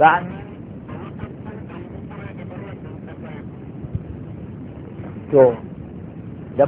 sa'an to da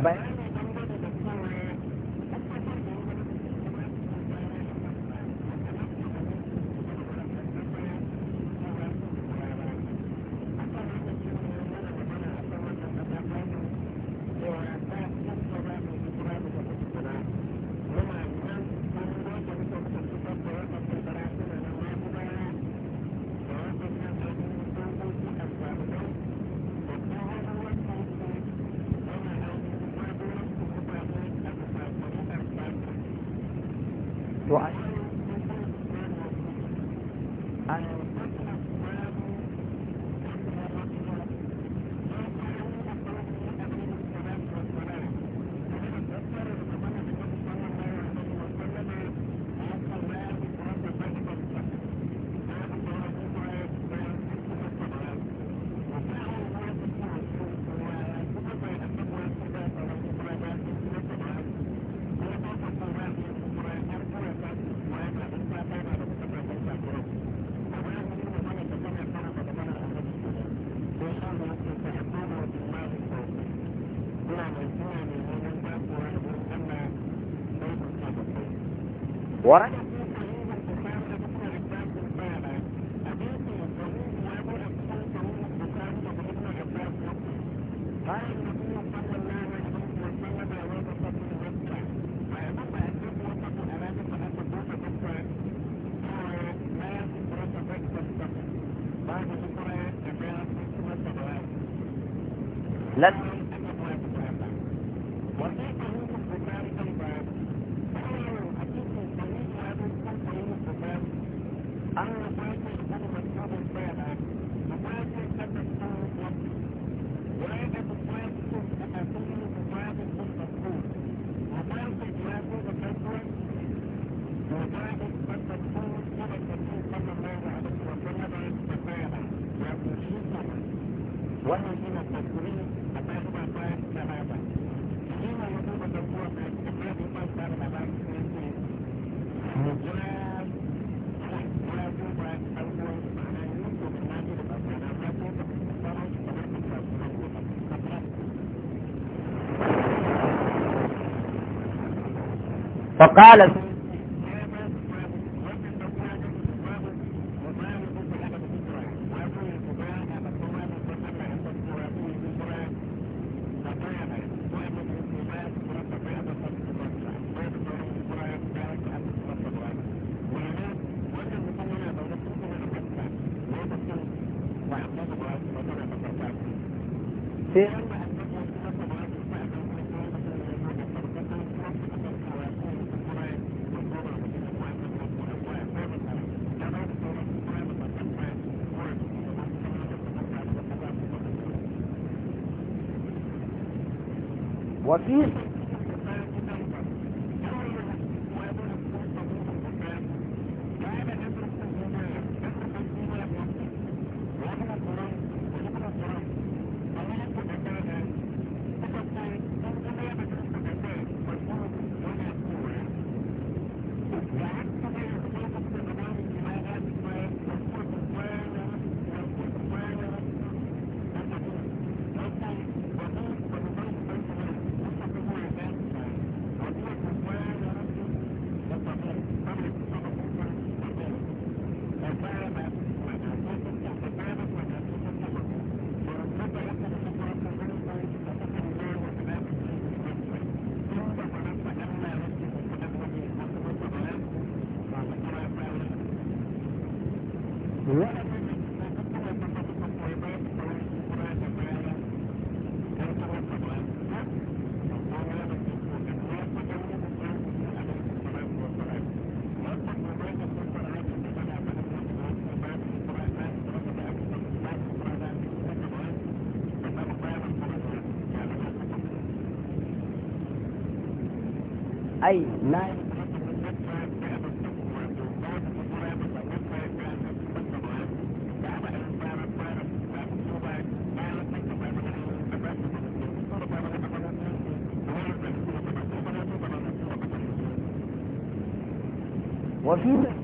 فقالت peace mm-hmm. sua vida.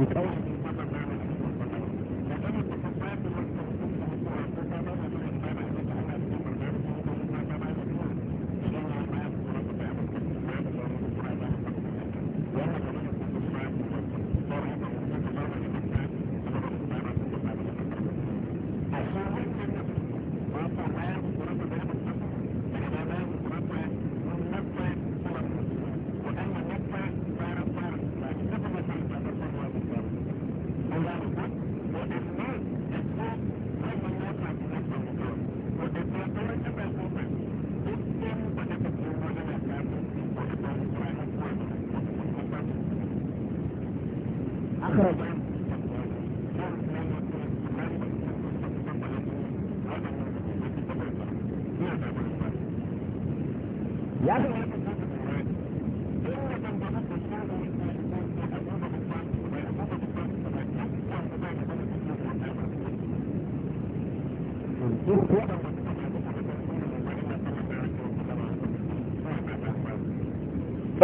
obrigado.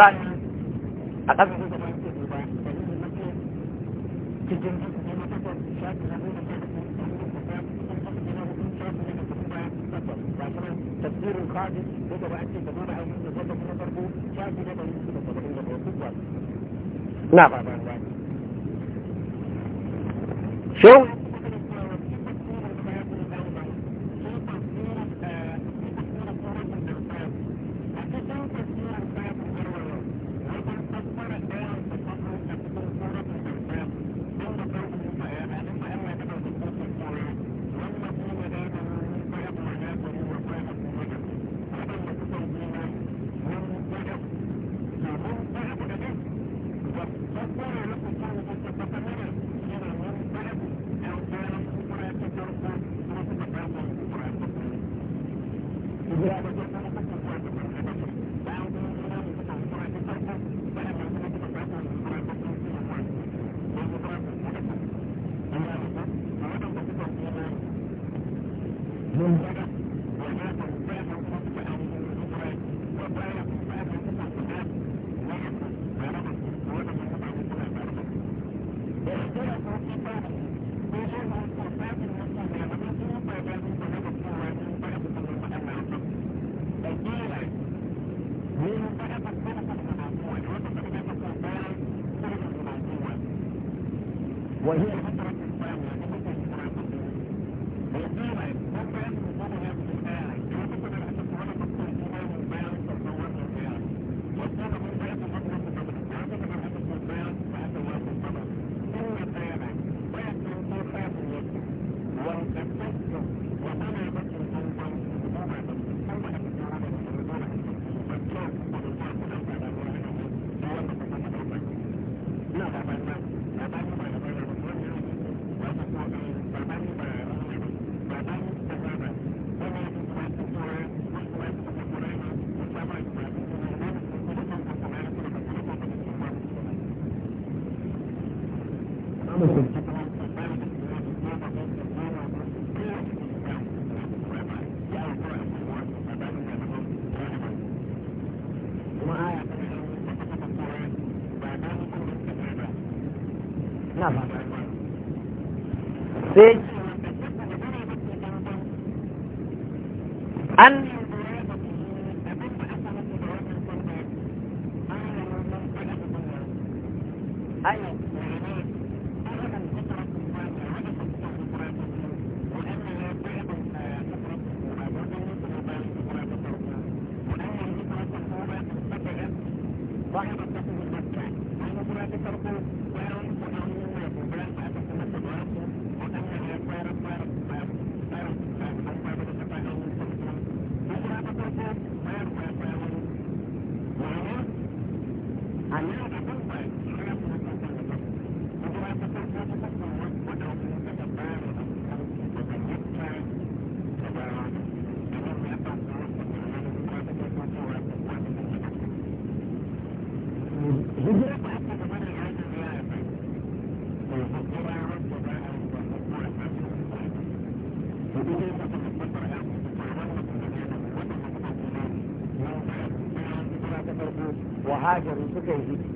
bani a ƙasar da Nah. Sure.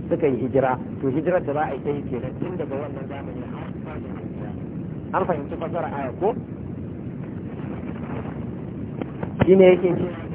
suka yi hijira to hijirar da za a yi ta yi kenan tun daga wannan zamani an fahimci fasara aya ko shine yake ce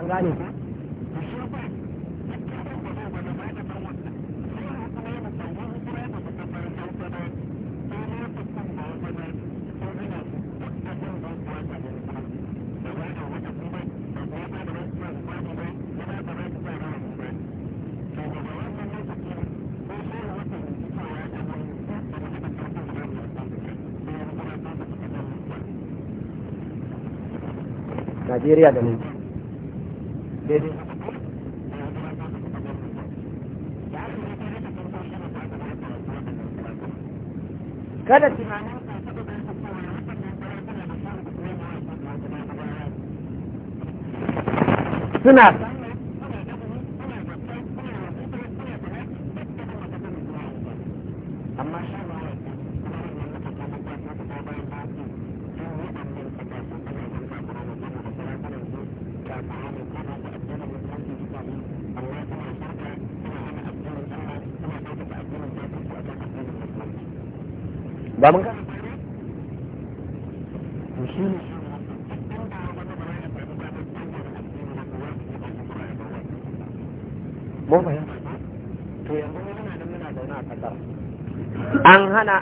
an gane ku Najeriya da mu. kada suna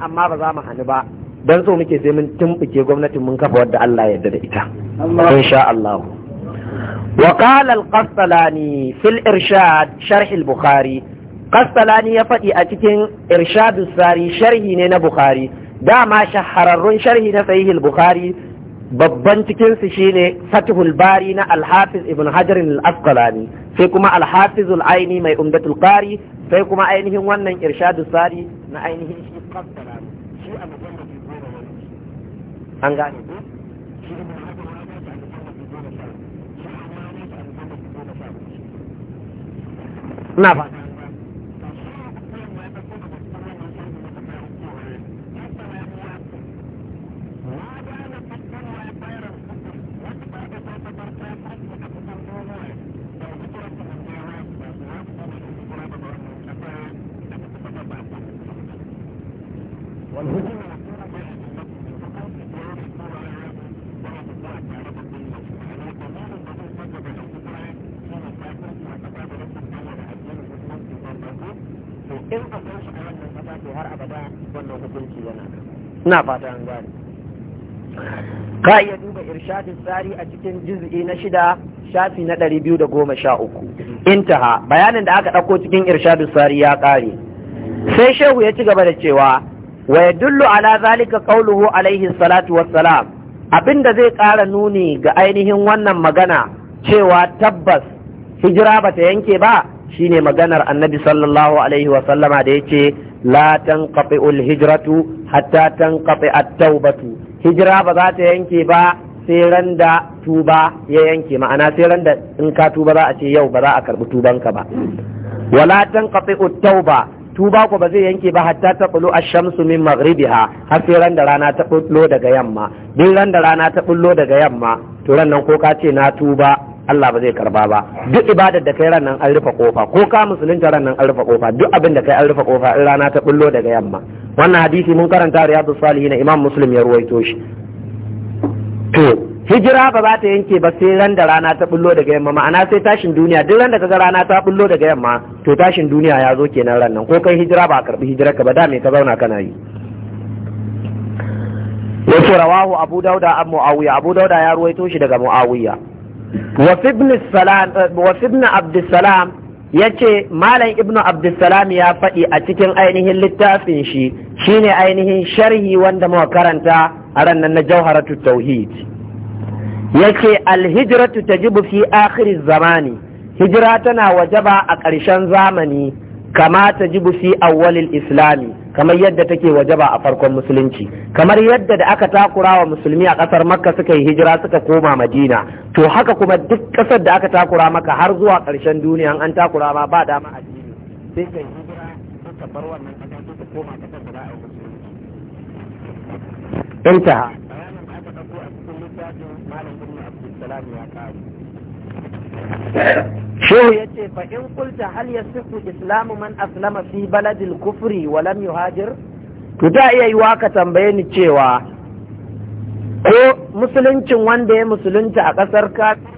amma ba za mu hannu ba don so muke sai mun tumbuke gwamnatin mun kafa wadda Allah ya yarda da ita insha Allah wa qala al-qasalani fil irshad sharh al-bukhari qasalani ya faɗi a cikin irshad sari sharhi ne na bukhari dama shahararrun sharhi na sahih al-bukhari babban cikin su shine fatihul bari na al-hafiz ibn hajar al-asqalani sai kuma al-hafiz al-aini mai umdatul qari sai kuma ainihin wannan irshad sari na ainihin shi kaddara shi a mutum da goma wani an gane ko shi ne haka wani ta da shi a wani ta mutum da ina ba ina fata an gane ka iya duba irshadin tsari a cikin juz'i na shida shafi na ɗari biyu da goma sha uku intaha bayanin da aka ɗauko cikin irshadin tsari ya ƙare sai shehu ya ci gaba da cewa wa dullu ala zalika qawluhu alaihi salatu wassalam abinda zai ƙara nuni ga ainihin wannan magana cewa tabbas hijira bata yanke ba shine maganar annabi sallallahu alaihi wasallama da yace la tanqati'ul hijratu hatta tanqati at-taubatu hijira ba za ta yanke ba sai ran da tuba ya yanke ma'ana sai ran da in ka tuba za a ce yau ba za a karbi tubanka ba wala tanqati'ut tauba tuba ko ba zai yanke ba hatta ta bulo ash-shamsu min ha har sai ran da rana ta bullo daga yamma duk ran da rana ta bullo daga yamma to ran nan ko ka ce na tuba Allah ba zai karba ba duk ibadar da kai ran an rufe kofa ko ka musulunta ran nan an rufe kofa duk abin da kai an rufe kofa in rana ta bullo daga yamma wannan hadisi mun karanta riyadu salihin imam muslim ya ruwaito shi to hijira ba za ta yanke ba sai ran da rana ta bullo daga yamma ma'ana sai tashin duniya duk ran da kaga rana ta bullo daga yamma to tashin duniya ya zo kenan ran nan ko kai hijira ba karbi hijira ka ba da me ka zauna kana yi yake rawahu abu dauda abu muawiya abu dauda ya ruwaito shi daga muawiya wasu ibn abdussalam ya ce malam ibn Abdulsalam ya faɗi a cikin ainihin littafin shi shine ainihin sharhi wanda muka karanta a ranar na jauharatu tauhid Yake Alhijratu alhijiratu ta jibu fi akhiri zamani hijira tana wajaba a ƙarshen zamani kama ta jibu fi awwalil islami kamar yadda take wajaba a farkon musulunci kamar yadda da aka takura wa musulmi a kasar makka suka yi hijira suka koma madina to haka kuma duk kasar da aka takura maka har zuwa karshen duniya an takura ma ba dama addini sai kai hijira ka bar wannan kasar ka koma kasar da za musulunci inta bayanin da aka dauko a cikin littafin malam ibnu abdul salam ya kawo shehu ya ce fa in kulta hal ya sifu islamu man aslama fi baladil kufri wa lam yuhajir to ta iya yiwa ka tambayeni cewa ko musuluncin wanda ya musulunta a ƙasar kafin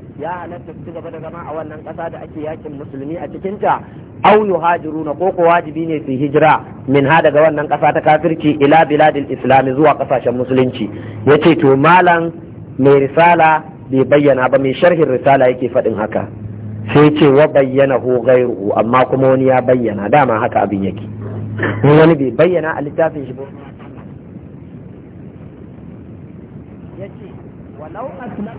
ya halatta su gaba da zama a wannan ƙasa da ake yakin musulmi a cikinta au na ko ko wajibi ne su hijira min ha daga wannan ƙasa ta kafirci ila biladil islami zuwa ƙasashen musulunci yace to malam mai risala bai bayyana ba mai sharhin risala yake faɗin haka sai ce wa bayyana ho gairu amma kuma wani ya bayyana dama haka abin yake wani bai bayyana a littafin shi ba yace walau aslama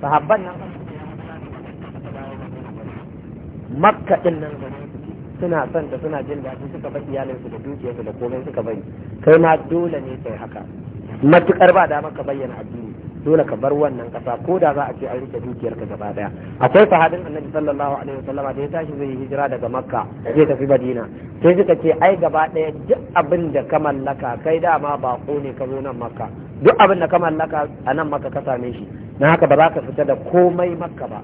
sahabban nan makka din nan suna son ta suna jin daɗi suka bar iyalinsu da dukiyarsu da komai suka bari kai ma dole ne kai haka matukar ba da maka bayyana addini dole ka bar wannan kasa ko da za a ce an rike dukiyarka gaba daya akwai sahabin annabi sallallahu alaihi wasallama da ya tashi zai hijira daga makka zai tafi madina sai suka ce ai gaba daya duk abin da ka mallaka kai dama ko ne ka zo nan makka duk abin da ka mallaka a nan makka ka same shi na haka ba za ka fita da komai makka ba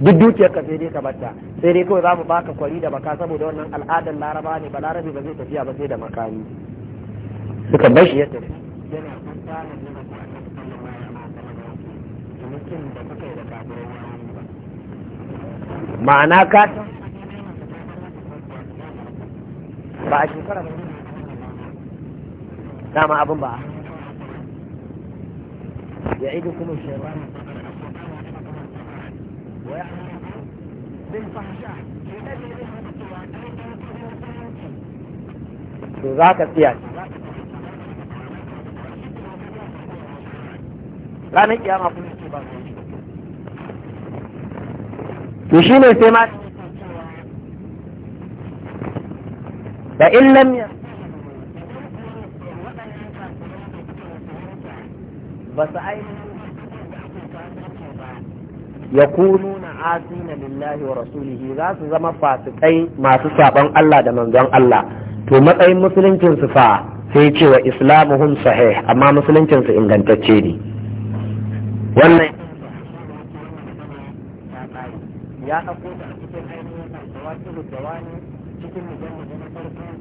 duk dukiyar ka sai dai ka bata sai dai kawai za mu baka kwari da baka saboda wannan al'adar laraba ne ba larabi ba zai tafiya ba sai da makami suka bar shi ya tafi yana kwantanar da ma'ana ka ba a shekara ba dama abin ba يعيدكم الشيطان ويأمركم بالفحشاء ذاك لا نجي أنا أقول تشيل التماس فإن لم يكن ba su ya kunu na asina lillahi wa rasulihi za su zama fasikai masu saban Allah da manzon Allah to matsayin musuluncin su fa sai ce wa islamuhum sahih amma musuluncin su ingantacce ne wannan ya ɗauko da cikin ainihin da wani cikin mujallar na farko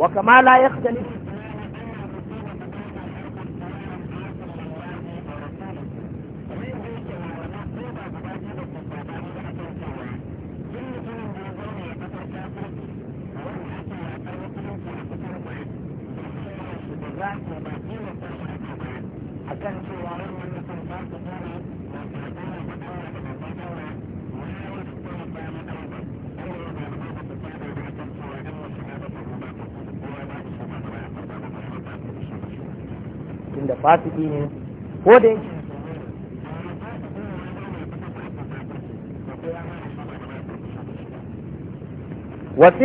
wa kama la yakhtalifu fasiki ne ko da وفي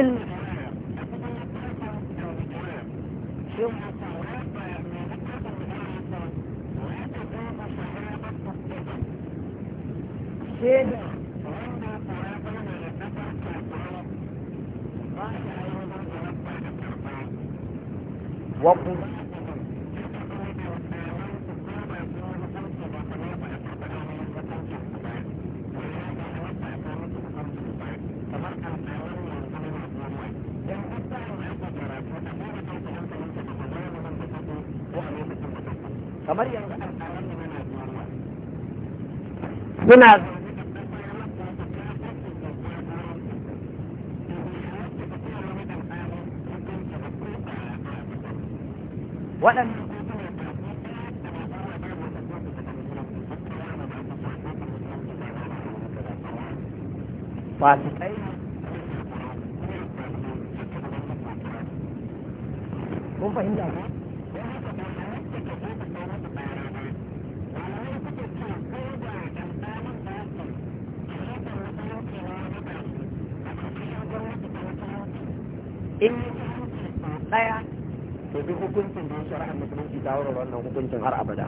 suna waɗanda fasikai kun fahimta hukuncin da shari'ar musulunci ta wurin wannan hukuncin har abada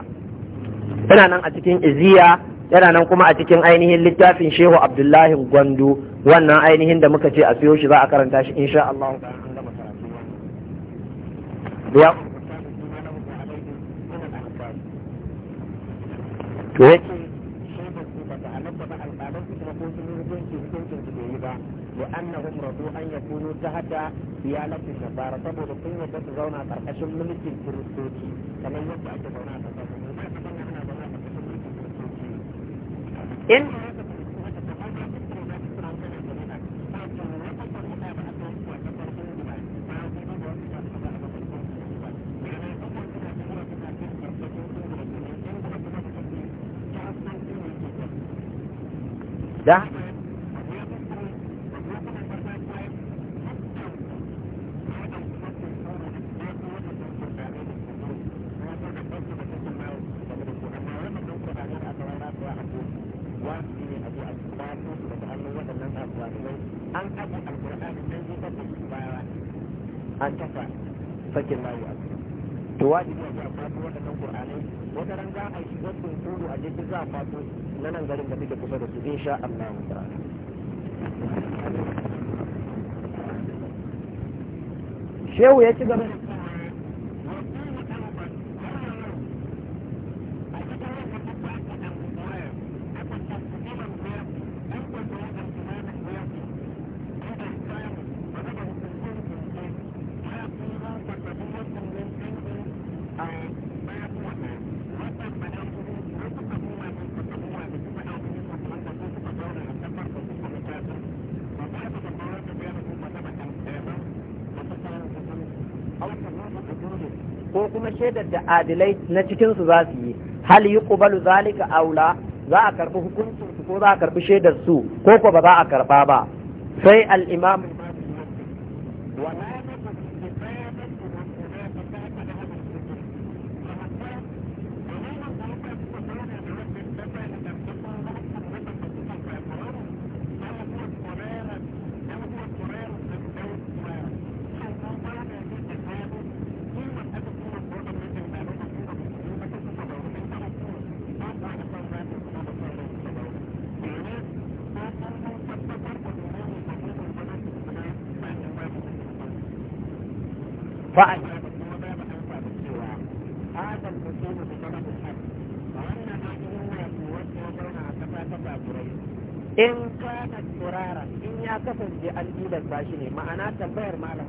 yana nan a cikin iziya yana nan kuma a cikin ainihin littafin shehu abdullahi gwandu wannan ainihin da muka ce a siyo shi za a karanta shi insha Allah to annahum radu an yakunu tahta lati jabbar saboda sun yadda su zauna karkashin mulkin kiristoci kamar yadda ake zauna a kasashen ana zauna karkashin mulkin kiristoci شاء الله تعالى shehu ya ci adilai na cikin su za su yi hal yuqbalu zalika aula za a karbi hukuncin su ko za a karbi shaidar su ko ko ba za a karba ba sai al-imam ba in kana turara in ya kasance an ba bashi ne ma'ana tambayar malam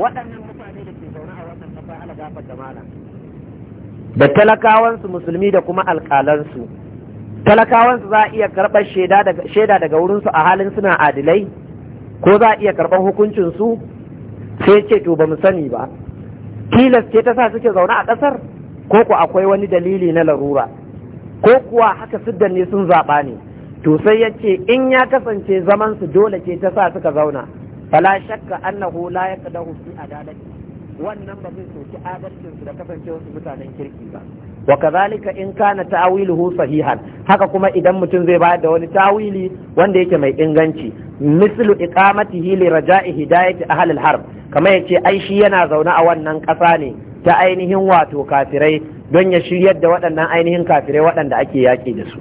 waɗannan mutane da ke zaune a wannan kafa ala gafar da malam da talakawansu musulmi da kuma alƙalansu talakawansu za a iya karɓar shaida daga wurinsu a halin suna adilai ko za a iya karɓar hukuncinsu sai ce to ba mu sani ba tilas ce ta sa suke zaune a ƙasar ko ku akwai wani dalili na larura ko kuwa haka siddan ne sun zaɓa ne to sai ya ce in ya kasance zaman su dole ce ta sa suka zauna fala shakka annahu la yaqdahu fi adalati wannan ba zai soki adalcin su da kasancewar su mutanen kirki ba wa kazalika in kana ta'wiluhu sahihan haka kuma idan mutum zai bayar da wani tawili wanda yake mai inganci mislu iqamatihi li raja'i hidayati ahli al-harb kamar yace ai shi yana zaune a wannan ƙasa ne ta ainihin wato kafirai don ya shiryar da waɗannan ainihin kafirai waɗanda ake yaƙi da su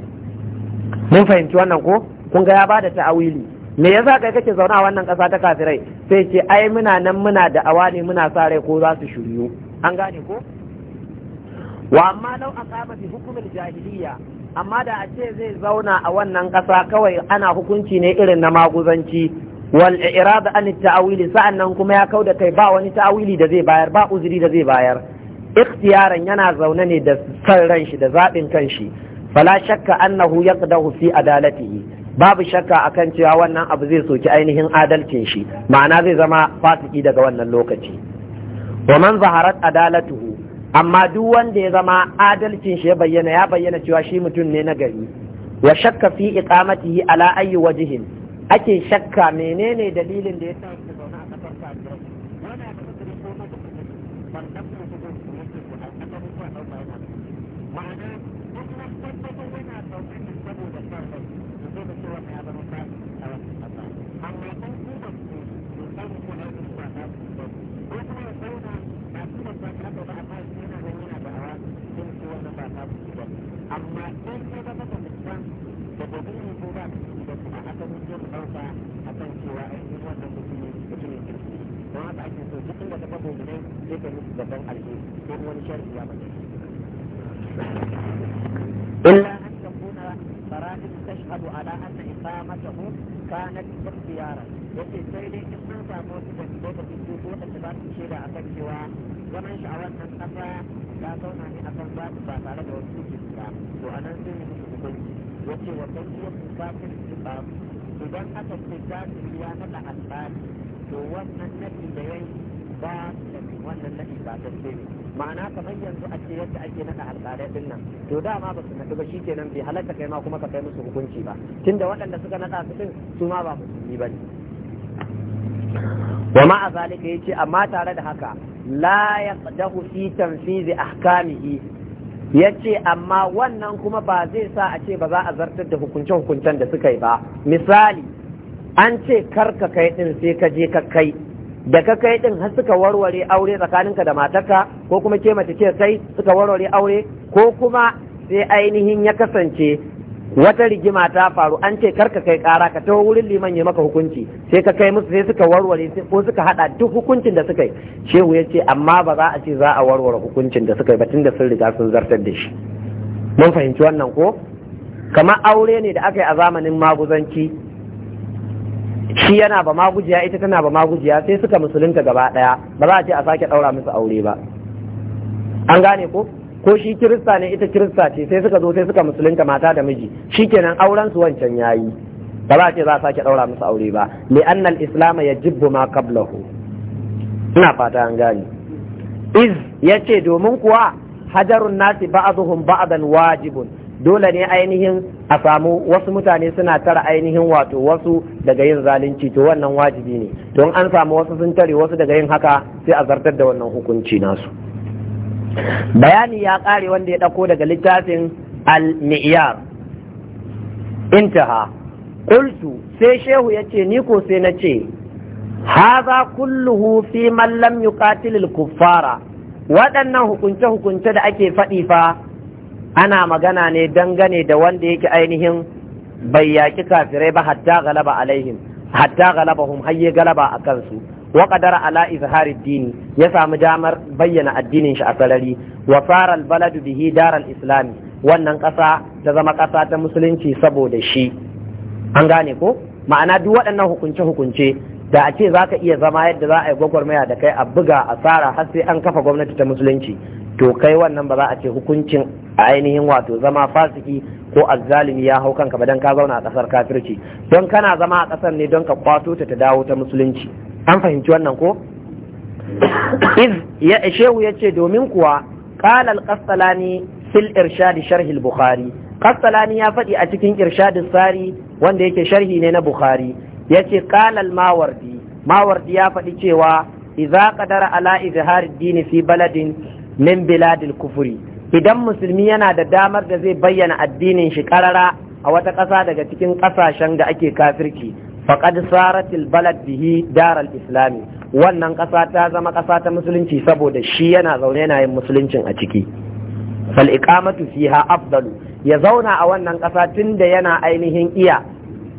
mun fahimci wannan ko kun ga ya bada ta'awili me yasa kai kake zaune a wannan ƙasa ta kafirai sai ce ai muna nan muna da awani muna sa rai ko za su shiryu an gane ko wa amma lau kama bi hukumil jahiliya amma da a ce zai zauna a wannan ƙasa kawai ana hukunci ne irin na maguzanci wal irada an ta'awili sa'annan kuma ya kauda kai ba wani ta'awili da zai bayar ba uzuri da zai bayar ikhtiyaran yana zaune ne da san ran shi da zaɓin kan shi fala shakka annahu yaqdahu fi adalatihi babu shakka akan cewa wannan abu zai soki ainihin adalcin shi ma'ana zai zama fasiki daga wannan lokaci wa man zaharat adalatuhu amma duk wanda ya zama adalcin shi ya bayyana ya bayyana cewa shi mutum ne na gari wa shakka fi iqamatihi ala ayi wajhin ake shakka menene dalilin da ya sa shi zauna a kasar da ɗan alheri ko wani sharri ya bace la an takuna fara'id tashhadu ala anna iqamatahu kanat ikhtiyaran yace sai dai in sun samu wasu da su da su ko da za su shaida akan cewa zaman shi a wannan kasa ya zauna ne akan zaɓi ba tare da wasu jinsa to a nan sai ne musu hukunci yace wa kan su kafin su, idan aka ce kafin ya naɗa alƙali to wannan naɗi da yanki ba wannan naɗi ba ta ce ma'ana kamar yanzu a ce yadda ake naɗa alƙalai din nan to dama ba su naɗu ba shi kenan bai halatta kai ma kuma ka kai musu hukunci ba tunda waɗanda suka naɗa su ɗin su ma ba yi ba ne wa a zalika yace amma tare da haka la yaqdahu fi tanfizi ahkamihi yace amma wannan kuma ba zai sa a ce ba za a zartar da hukuncen hukuncen da suka yi ba misali an ce kar ka kai ɗin sai ka je ka kai da ka kai din har suka warware aure tsakaninka da matarka ko kuma ke mace ce kai suka warware aure ko kuma sai ainihin ya kasance wata rigima ta faru an ce karka kai kara ka taho wurin liman ya maka hukunci sai ka kai musu sai suka warware ko suka hada duk hukuncin da suka yi shehu ya ce amma ba za a ce za a warware hukuncin da suka yi ba tunda sun riga sun zartar da shi mun fahimci wannan ko kamar aure ne da aka yi a zamanin maguzanci shi yana ba magujiya ita tana ba magujiya sai suka musulunta gaba daya ba za a ce a sake daura musu aure ba an gane ko ko shi kirista ne ita kirista ce sai suka zo sai suka musulunta mata da miji shikenan auren su wancan yayi ba za a ce za a sake daura musu aure ba li anna al-islam yajibu ma qablahu ina fata an gane iz yace domin kuwa hajarun nasi ba'dhum ba'dan wajibun dole ne ainihin a samu wasu mutane suna tara ainihin wato wasu daga yin zalunci to wannan wajibi ne to an samu wasu sun tare wasu daga yin haka sai a zartar da wannan hukunci nasu bayani ya kare wanda ya dauko daga littafin al-mi'yar intaha qultu sai shehu yace ni ko sai na ce haza kulluhu fi man lam yuqatil al-kuffara waɗannan hukunce-hukunce da ake faɗi fa ana magana ne dangane da wanda yake ainihin bai yaki kafirai ba hatta galaba alaihim hatta galabahum har ya galaba a kansu wa qadara ala izhari dini ya samu damar bayyana addinin shi a sarari wa faral baladu bihi daral islam, wannan kasa ta zama kasa ta musulunci saboda shi an gane ko ma'ana duk waɗannan hukunce hukunce da a ce zaka iya zama yadda za a yi gwagwarmaya da kai a buga asara har sai an kafa gwamnati ta musulunci to kai wannan ba za a ce hukuncin a ainihin wato zama fasiki ko azzalimi ya hau kanka ba dan ka zauna a kasar kafirci don kana zama a kasar ne don ka kwato ta ta dawo ta musulunci an fahimci wannan ko iz ya shehu yace domin kuwa qala al-qasalani fil irshad sharh al-bukhari qasalani ya faɗi a cikin irshadi sari wanda yake sharhi ne na bukhari yace qala al-mawardi mawardi ya faɗi cewa idza qadara ala izhar dini fi baladin min biladil kufri idan musulmi yana da damar da zai bayyana addinin shi karara a wata ƙasa daga cikin ƙasashen da ake kafirki, faqad saratil balad bihi daral islami wannan ƙasa ta zama ƙasa ta musulunci saboda shi yana zaune yana yin musuluncin a ciki fal iqamatu fiha afdalu ya zauna a wannan ƙasa tunda yana ainihin iya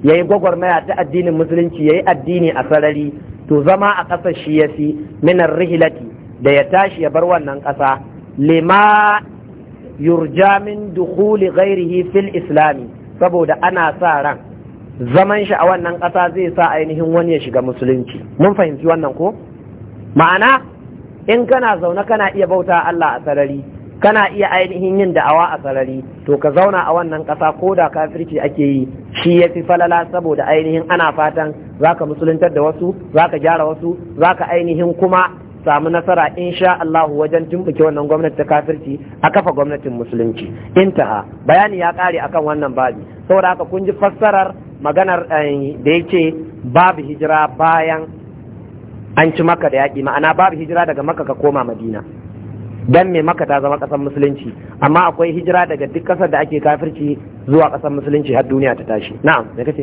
yayi gwagwarmaya ta addinin musulunci yayi addini a sarari to zama a ƙasar shi yafi minar rihilati da ya tashi ya bar wannan ƙasa lima yurja min gairihi ghairihi fil islami saboda ana sa ran zaman shi a wannan kasa zai sa ainihin wani ya shiga musulunci mun fahimci wannan ko ma'ana in kana zauna kana iya bauta Allah a sarari kana iya ainihin yin da'awa a sarari to ka zauna a wannan ƙasa ko da kafirci ake yi shi ya fi falala saboda ainihin ana fatan zaka musuluntar da wasu zaka gyara wasu zaka ainihin kuma samu nasara in sha Allah wajen tumbuke wannan gwamnati ta kafirci a kafa gwamnatin musulunci intaha bayani ya kare akan wannan babi saboda haka kun ji fassarar maganar eh, da yake babu hijira bayan an ci maka da yaƙi ma'ana babu hijira daga maka ka koma madina dan me maka ta zama ƙasar musulunci amma akwai hijira daga duk ƙasar da ake kafirci zuwa ƙasar musulunci har duniya ta tashi na'am me kace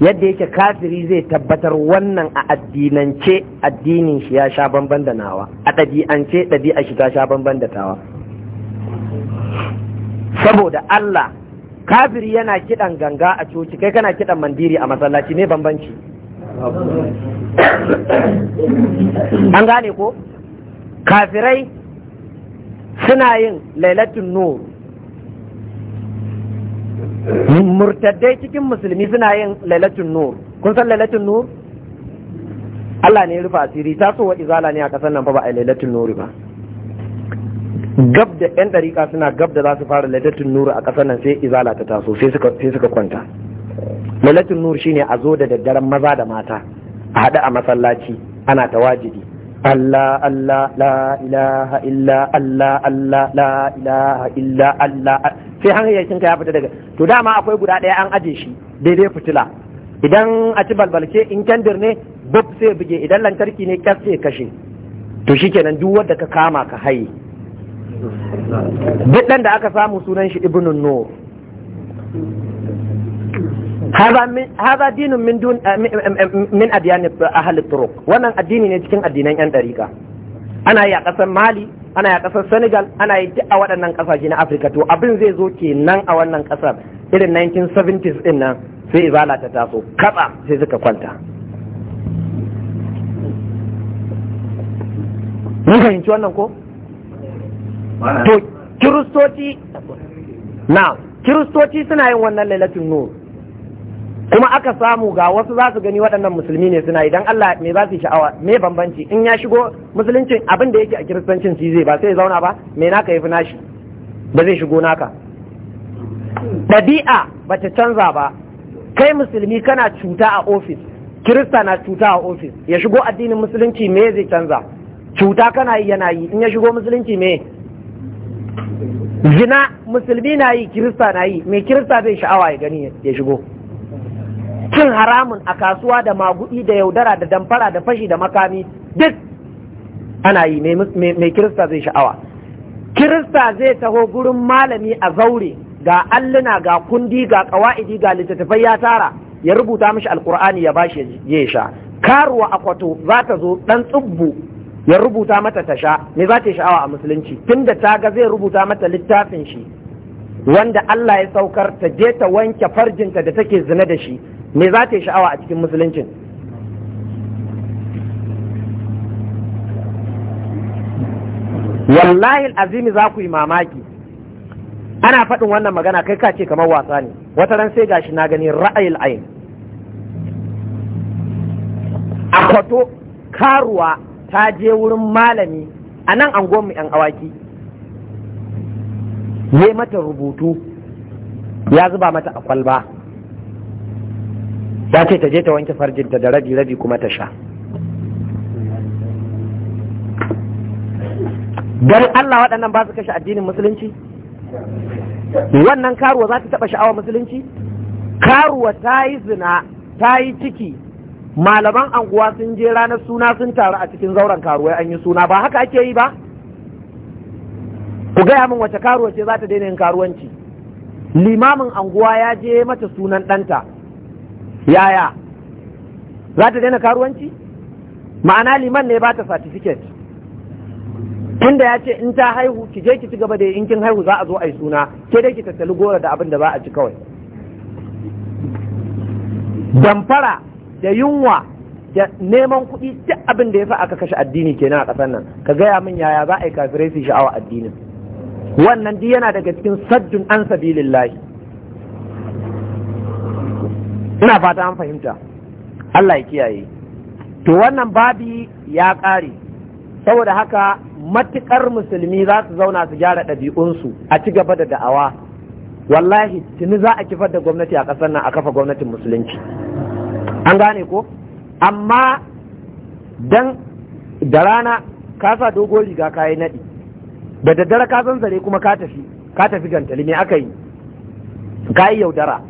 yadda yake kafiri zai tabbatar wannan a addinance addinin shi ya sha bamban da nawa a ɗabi'ance ɗabi'a shi ta sha bamban da tawa saboda Allah kafiri yana kiɗan ganga a coci kai kana kiɗan mandiri a masallaci ne bambanci an gane ko kafirai suna yin lailatun nur murtaddai cikin musulmi suna yin lalatun nur kun san lalatun nur Allah ne rufa asiri ta so izala ne a kasan nan fa ba a lalatun nur ba gab da yan dariƙa suna gab da za su fara lalatun nur a kasan nan sai izala ta taso sai suka sai suka kwanta Lalatun nur shine a zo da daddaren maza da mata a haɗu a masallaci ana tawajidi Allah Allah la ilaha illa Allah Allah la ilaha illa Allah sai hankalinka ya fita daga to dama akwai guda ɗaya an aje shi daidai fitila idan a ci balbalce in kandir ne bob sai buge idan lantarki ne kas sai kashe to shikenan duk wanda ka kama ka haye duk da aka samu sunan shi ibnun nur ana yi a ƙasar mali ana yi a ƙasar senegal ana yi a waɗannan ƙasashe na afirka to abin zai zo kenan a wannan ƙasar irin 1970s din nan sai izala ta taso katsa sai suka kwanta mun fahimci wannan ko to kiristoci na kiristoci suna yin wannan lailatul nur kuma aka samu ga wasu za su gani waɗannan musulmi ne suna idan Allah me ba su sha'awa me bambanci in ya shigo musuluncin abin da yake a kiristancin shi zai ba sai zauna ba me naka yafi nashi ba zai shigo naka ɗabi'a ba ta canza ba kai musulmi kana cuta a ofis kirista na cuta a ofis ya shigo addinin musulunci me zai canza cuta kana yi yana yi in ya shigo musulunci me zina musulmi na yi kirista na yi me kirista zai sha'awa ya gani ya shigo cin haramun a kasuwa da magudi da yaudara da damfara da fashi da makami duk ana yi mai kirista zai sha'awa kirista zai taho gurin malami a zaure ga alluna ga kundi ga kawa'idi ga littattafai ya tara ya rubuta mishi alkur'ani ya bashi ya sha karuwa akwato za ta zo dan tsubbu ya rubuta mata ta sha me za ta sha'awa a musulunci tunda ta ga zai rubuta mata littafin shi wanda Allah ya saukar ta je ta wanke farjinta da take zina da shi me za ta yi sha'awa a cikin musuluncin wallahi azimi za ku yi mamaki ana faɗin wannan magana kai ka ce kamar wasa ne wata ran sai gashi na gani ra'ayil ayin a kwato karuwa ta je wurin malami a nan an mu yan awaki ne mata rubutu ya zuba mata a kwalba Ba ce ta je ta wanke farjinta da rabi rabi kuma ta sha don Allah waɗannan ba su kashe addinin musulunci wannan karuwa za ta taɓa sha'awar musulunci karuwa ta yi zina ta yi ciki malaman anguwa sun je ranar suna sun taru a cikin zauren karuwa an yi suna ba haka ake yi ba ku gaya min wace karuwa ce za ta daina yin karuwanci limamin anguwa ya je mata sunan ɗanta yaya za ta daina karuwanci ma'ana liman ne ba ta certificate tunda ya ce in ta haihu ki je ki ci gaba da in kin haihu za a zo a yi suna ke dai ki tattali gora da abin da ba a ci kawai damfara da yunwa da neman kuɗi duk abin da ya fi aka kashe addini kenan a ƙasar nan ka gaya min yaya za a yi kafirai su sha'awa addinin wannan duk yana daga cikin saddun an sabilillahi ina fata an fahimta Allah ya kiyaye to wannan babi ya ƙare saboda haka matukar musulmi za su zauna su gyara ɗabi'unsu a ci gaba da da'awa wallahi tuni za a kifar da gwamnati a ƙasar nan a kafa gwamnatin musulunci an gane ko amma dan da rana ka sa dogon riga ka yi naɗi da daddare ka zanzare kuma ka tafi ka tafi gantali me aka yi ka yi yaudara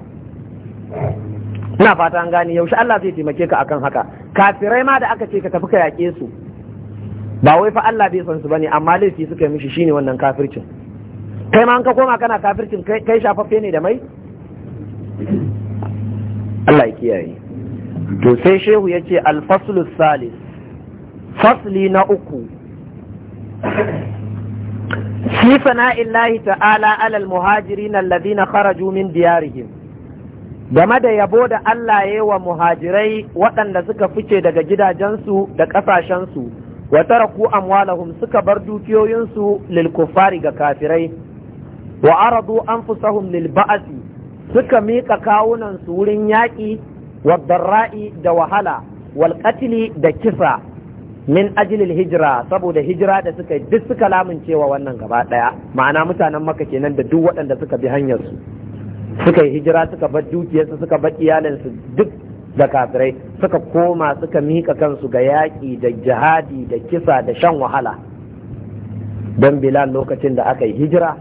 ina fata an gane yaushe Allah zai taimake ka akan haka kafirai ma da aka ce ka tafi ka yaƙe su ba wai fa Allah bai san su bane amma laifi suka yi mishi shine wannan kafircin kai ma an ka koma kana kafircin kai shafaffe ne da mai Allah ya kiyaye to sai shehu ya ce alfaslu salis fasli na uku fi sana'illahi ta'ala alal muhajirin alladhina kharaju min diyarihim game da yabo da Allah ya yi wa muhajirai waɗanda suka fice daga gidajensu da ƙasashensu wa raku amwalahum suka bar dukiyoyinsu lil kufari ga kafirai wa aradu anfusahum lil ba'asi suka miƙa kawunansu wurin yaƙi wa darra'i da wahala wal da kisa min ajilil hijira saboda hijira da suka duk suka lamuncewa wannan gaba ɗaya ma'ana mutanen maka kenan da duk waɗanda suka bi hanyarsu suka yi hijira suka bar dukiyarsu suka bar iyalinsu duk da kafirai suka koma suka mika kansu ga yaƙi da jihadi da kisa da shan wahala don bilal lokacin da aka yi hijira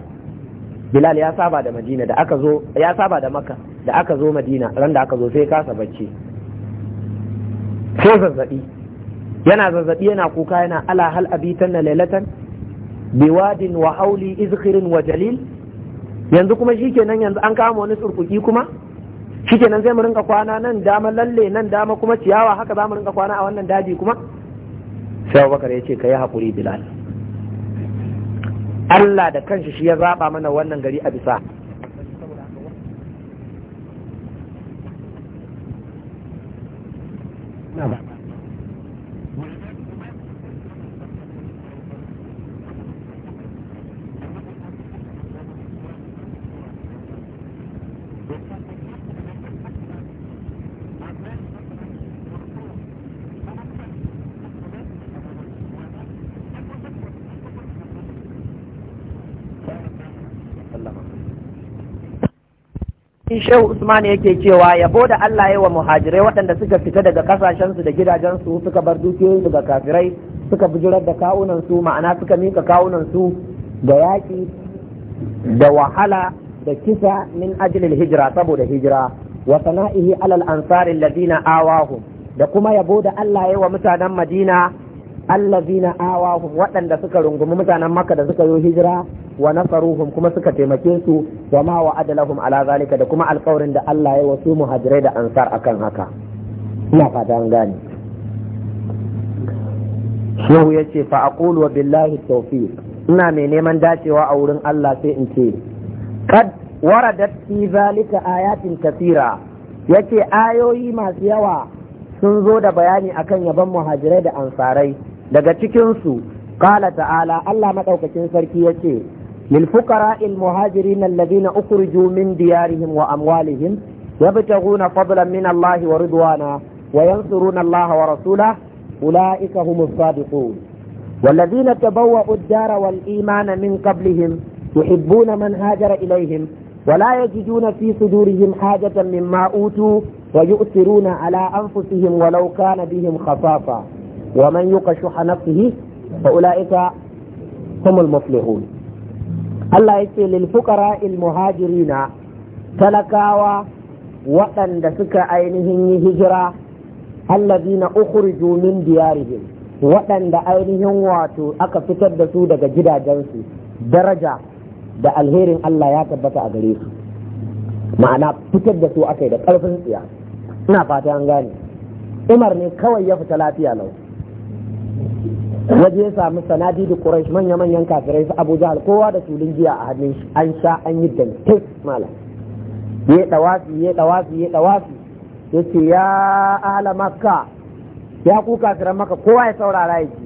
bilal ya saba da madina da aka zo ya saba da maka da aka zo madina ran da aka zo sai kasa bacci sai zazzabi yana zazzabi yana kuka yana ala hal abitan na lailatan biwadin wa hauli izkhirin wa jalil yanzu kuma shikenan yanzu an kama wani tsurkuki kuma shikenan zai mu rinka kwana nan dama lalle nan dama kuma ciyawa haka za mu rinka kwana a wannan daji kuma sai Abubakar ya ce ka yi haƙuri Bilal Allah da kanshi shi ya zaba mana wannan gari a bisa shehu usman yake cewa yabo da Allah ya wa muhajirai waɗanda suka fita daga ƙasashensu da gidajensu suka bar dukiyoyi daga kafirai suka bijirar da kawunansu ma'ana suka mika kawunansu da yaƙi da wahala da kisa min ajilil hijira saboda hijira wa sana'ihi alal ansari Ladina Awahu, da kuma yabo da Allah ya wa mutanen Madina allazina awahum waɗanda suka rungumi mutanen maka da suka yi hijira wa nasaruhum kuma suka taimake su wa ma wa adalahum ala zalika da kuma alƙawarin da Allah ya wasu muhajirai da ansar akan haka ina fata an gane shehu ya ce fa aqulu billahi tawfiq ina mai neman dacewa a wurin Allah sai in ce kad waradat fi zalika ayatin kathira yace ayoyi masu yawa sun zo da bayani akan yaban muhajirai da ansarai daga cikinsu qala ta'ala Allah madaukakin sarki yace lil fuqara al muhajirin alladhina ukhriju min diyarihim wa amwalihim yabtaghuna fadlan min Allah wa ridwana wa yansuruna Allah wa rasulahu ulaika humus sadiqun والذين تبوأوا الدار والإيمان من قبلهم يحبون من هاجر إليهم ولا يجدون في صدورهم حاجة مما أوتوا ويؤثرون على أنفسهم ولو كان بهم خصاصة wa man yuqa shuha nafsihi fa ulaika humul muflihun Allah ya ce lilfukara al muhajirina talakawa waɗanda suka ainihin yi hijira alladina ukhriju min diyarihim waɗanda ainihin wato aka fitar da su daga gidajensu daraja da alherin Allah ya tabbata a gare su ma'ana fitar da su aka da ƙarfin tsiya ina fata an gane umar ne kawai ya fita lafiya lau waje ya samu sanadi da quraish manya manyan kafirai su abu jahal kowa da tulun jiya a hannun shi an sha an yi dante malam ya su, ya su, ya dawafi yace ya ala makka ya ku kafiran maka kowa ya saurara yake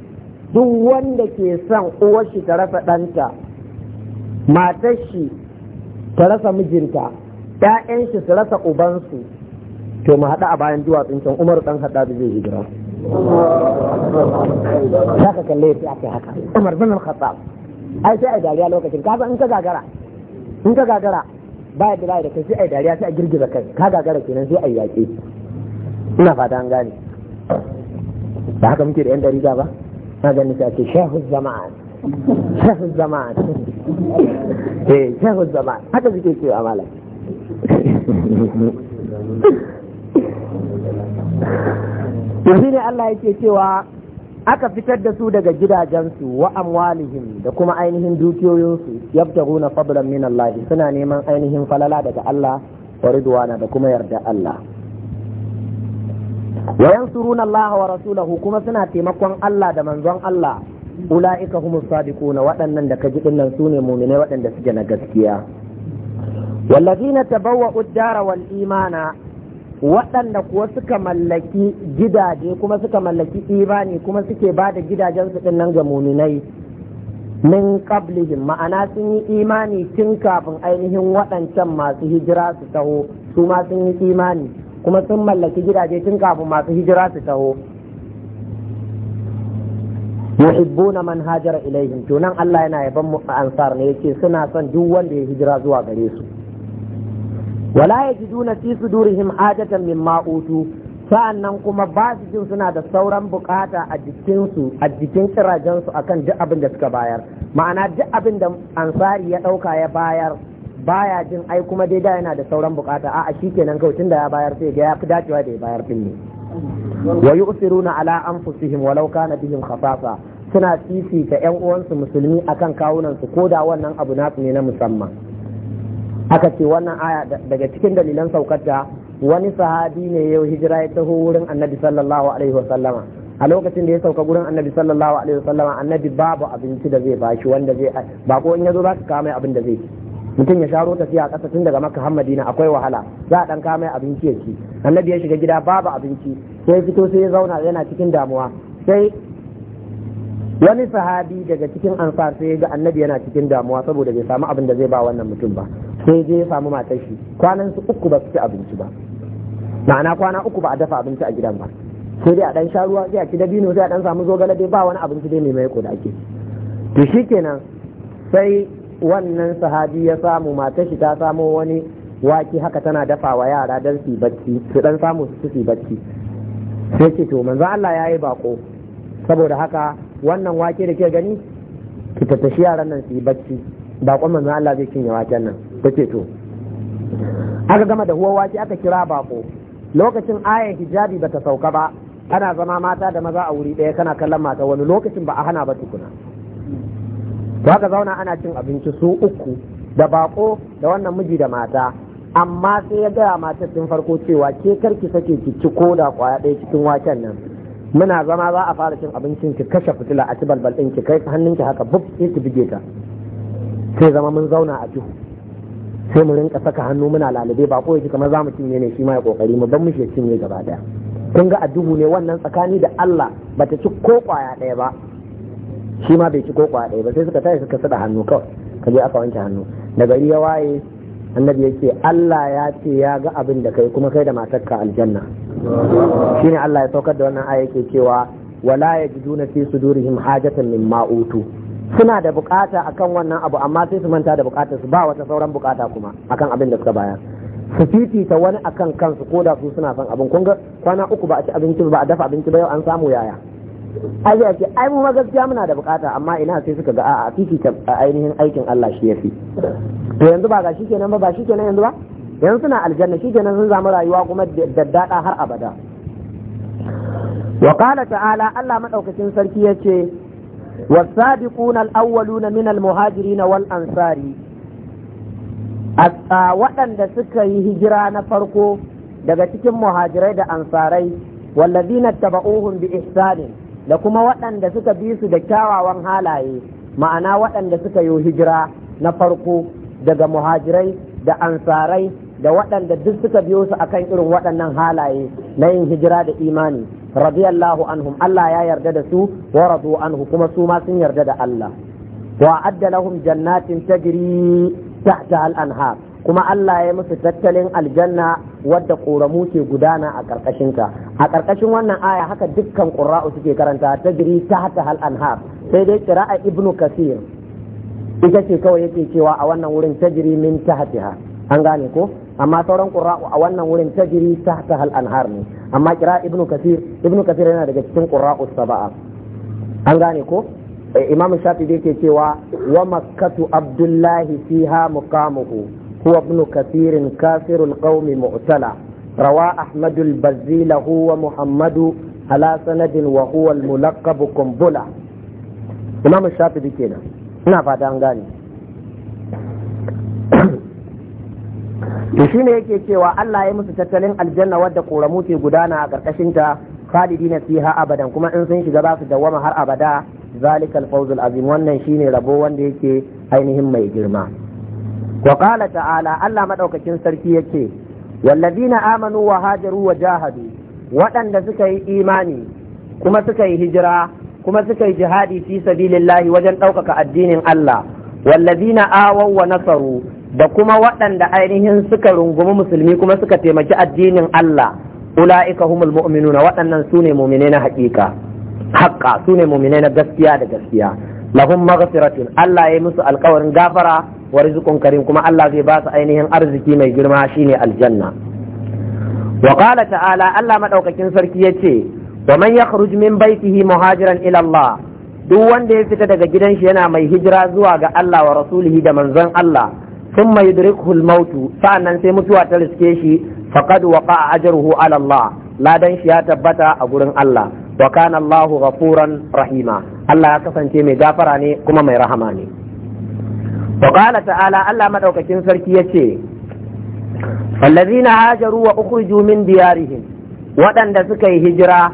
duk wanda ke son uwar shi ta rasa ɗanta matar shi ta rasa mijinta ‘ya'yan shi su rasa ubansu to mu haɗu a bayan duwatsun can umar ɗan haɗa da zai hijira. saka ka kalle sai aka haka umar bin al-khattab ai sai a dariya lokacin ka in ka gagara in ka gagara baya da baya da kai sai a dariya sai a girgiza kai ka gagara kenan sai a yaƙi ina fata an gane ba haka muke da yan dariga ba na gani sai a ce shehu zaman shehu zaman eh shehu zaman haka suke ke a malam to ne Allah yake cewa aka fitar da su daga gidajensu wa amwalihim da kuma ainihin dukiyoyinsu yabtaguna fadlan min Allah suna neman ainihin falala daga Allah wa ridwana da kuma yarda Allah wa yansuruna Allah wa rasulahu kuma suna taimakon Allah da manzon Allah ula'ika humus sadiquna waɗannan da kaji dinnan sune mu'minai waɗanda suke na gaskiya والذين تبوأوا الدار والإيمان waɗanda kuwa suka mallaki gidaje kuma suka mallaki imani kuma suke ba da gidajen su ɗin nan ga muminai min qablihim ma'ana sun yi imani tun kafin ainihin waɗancan masu hijira su taho su ma sun yi imani kuma sun mallaki gidaje tun kafin masu hijira su taho yuhibbuna man hajara ilaihim to nan Allah yana yaban mu ansar ne yace suna son duk wanda ya hijira zuwa gare su wala yajiduna fi sudurihim hajatan ma'utu, sa'an sa'annan kuma ba su jin suna da sauran bukata a jikinsu a jikin kirajensu akan duk abin da suka bayar ma'ana duk abin da ansari ya ɗauka ya bayar baya jin ai kuma dai da yana da sauran bukata a'a kenan kawai da ya bayar sai ga ya fi dacewa da ya bayar fin ne wa yusiruna ala anfusihim walau kana bihim khasasa suna fifita yan uwansu musulmi akan kawunansu ko koda wannan abu nasu ne na musamman aka ce wannan aya daga cikin dalilan saukarta wani sahabi ne ya hijira ya taho wurin annabi sallallahu alaihi wasallama a lokacin da ya sauka gurin annabi sallallahu alaihi wasallama annabi babu abinci da zai bashi wanda zai ba ko in yazo za ka kama abin da zai ci mutum ya sharo siya ƙasa tun daga makka har madina akwai wahala za a dan kama abinci ya ci annabi ya shiga gida babu abinci sai fito sai ya zauna yana cikin damuwa sai wani sahabi daga cikin ansar sai ga annabi yana cikin damuwa saboda bai samu abin da zai ba wannan mutum ba sai je ya samu matar shi kwanan su uku ba su ci abinci ba ma'ana kwana uku ba a dafa abinci a gidan ba sai dai a dan sha ruwa sai a ci dabino sai a dan samu zogale dai ba wani abinci dai mai maiko da ake to shikenan sai wannan sahabi ya samu matar shi ta samo wani waki haka tana dafa wa yara dan su bacci su dan samu su su bacci sai ce to manzo Allah yayi bako saboda haka wannan wake da ke gani ki tattashi yaran nan su yi bacci kuma mai Allah zai cinye waken nan tace to aka gama da huwa wake aka kira bako lokacin ayan hijabi bata sauka ba ana zama mata da maza a wuri ɗaya kana kallon mata wani lokacin ba a hana ba tukuna to haka zauna ana cin abinci su uku da bako da wannan miji da mata amma sai ya gaya matar tun farko cewa ke karki sake ki ci ko da kwaya ɗaya cikin waken nan muna zama za a fara cin abincin ki kashe fitila a ci balbal ɗin ki kai hannunki haka buf sai ki bige ta sai zama mun zauna a duhu sai mu rinka saka hannu muna lalube ba koyi kamar za mu cinye ne shi ma ya kokari mu ban mu shi cinye gaba daya kun ga a duhu ne wannan tsakani da Allah ba ta ci ko kwaya ɗaya ba shi ma bai ci ko kwaya ɗaya ba sai suka tashi suka sada hannu kawai je aka wanke hannu da gari ya waye annabi yake Allah ya ce ya ga abin da kai kuma kai da matarka aljanna Shi ne Allah ya saukar da wannan aya ke cewa wala ya ji duna fi him hajatan min ma'utu suna da bukata akan wannan abu amma sai su manta da bukatar su ba wata sauran bukata kuma akan abin da suka bayar su fifita wani akan kansu ko da su suna son abin kun kwana uku ba a ci abinci ba a dafa abinci ba yau an samu yaya a ya ce ai mu ma gaskiya muna da bukata amma ina sai suka ga a'a a ainihin aikin Allah shi yafi to yanzu ba ga shi kenan ba ba shi kenan yanzu ba yanzu suna aljanna shi kenan sun zama rayuwa kuma daddada har abada wa qala ta'ala Allah madaukakin sarki yace min na wal ansari a waɗanda suka yi hijira na farko daga cikin muhajirai da ansarai wallazina taba'uhum bi ihsanin da kuma waɗanda suka bi su da kyawawan halaye ma'ana waɗanda suka yi hijira na farko daga muhajirai da ansarai da waɗanda duk suka biyo su akan irin waɗannan halaye na yin hijira da imani radiyallahu anhum Allah ya yarda da su wa radu anhu kuma su ma sun yarda da Allah wa adda lahum jannatin tajri tahta al-anhar kuma Allah ya musu tattalin aljanna wadda ƙoramu ke gudana a ƙarƙashinta a ƙarƙashin wannan aya haka dukkan ƙura'u suke karanta ta jiri ta hata hal anhar sai dai ƙira'a ibnu kasir ita ce kawai yake cewa a wannan wurin ta jiri min ta hatiha an gane ko amma sauran ƙura'u a wannan wurin ta jiri ta hata hal anhar ne amma ƙira'a ibnu kasir ibnu kasir yana daga cikin ƙura'u saba'a an gane ko eh, imam shafi ke cewa wa makkatu abdullahi fiha muqamuhu هو ابن كثير كافر القوم مؤتلى روى أحمد البزي له ومحمد على سند وهو الملقب قنبلة إمام الشافعي كنا ina yake cewa Allah ya musu tattalin aljanna wadda koramu ke gudana a karkashin ta khalidina fiha abadan kuma in sun shiga ba su dawama har abada zalikal fawzul azim wannan shine rabo wanda yake ainihin mai girma wa ta'ala Allah madaukakin sarki yake wallazina amanu wa hajaru wa jahadu waɗanda suka yi imani kuma suka yi hijira kuma suka yi jihadi fi sabilillahi wajen ɗaukaka addinin Allah wallazina awaw wa nasaru da kuma waɗanda ainihin suka rungumi musulmi kuma suka taimaki addinin Allah ula'ika humul mu'minuna waɗannan sune ne na haƙƙa su ne na gaskiya da gaskiya lahum maghfiratun Allah ya yi musu alƙawarin gafara wa rizqun karim kuma Allah zai ba su ainihin arziki mai girma shine aljanna wa ta'ala Allah madaukakin sarki yace wa man yakhruj min baytihi muhajiran ila duk wanda ya fita daga gidan shi yana mai hijira zuwa ga Allah wa rasulihi da manzon Allah thumma yudrikuhu al-maut nan sai mutuwa ta riske shi faqad waqa'a a ala Allah ladan shi ya tabbata a gurin Allah wa kana ghafuran rahima Allah ya kasance mai gafara ne kuma mai rahama ne wa qala ta'ala Allah madaukakin sarki yace wallazina hajaru wa ukhriju min diyarihim waɗanda suka yi hijira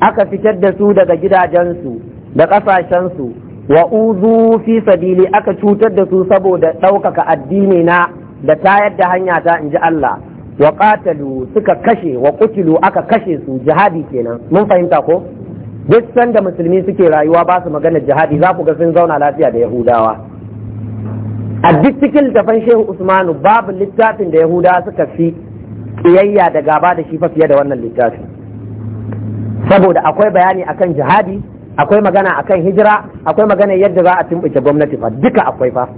aka fitar da su daga gidajensu da ƙasashensu wa uzu fi sabili aka cutar da su saboda ɗaukaka addini na da tayar da hanya ta in ji Allah wa qatalu suka kashe wa kutilu aka kashe su jihadi kenan mun fahimta ko duk sanda musulmi suke rayuwa ba su magana jihadi za ku ga sun zauna lafiya da yahudawa a duk cikin littafin shehu usmanu babu littafin da yahuda suka fi kiyayya da gaba da shi fa fiye da wannan littafin saboda akwai bayani akan jihadi akwai magana akan hijira akwai magana yadda za a tumbuke gwamnati fa duka akwai fa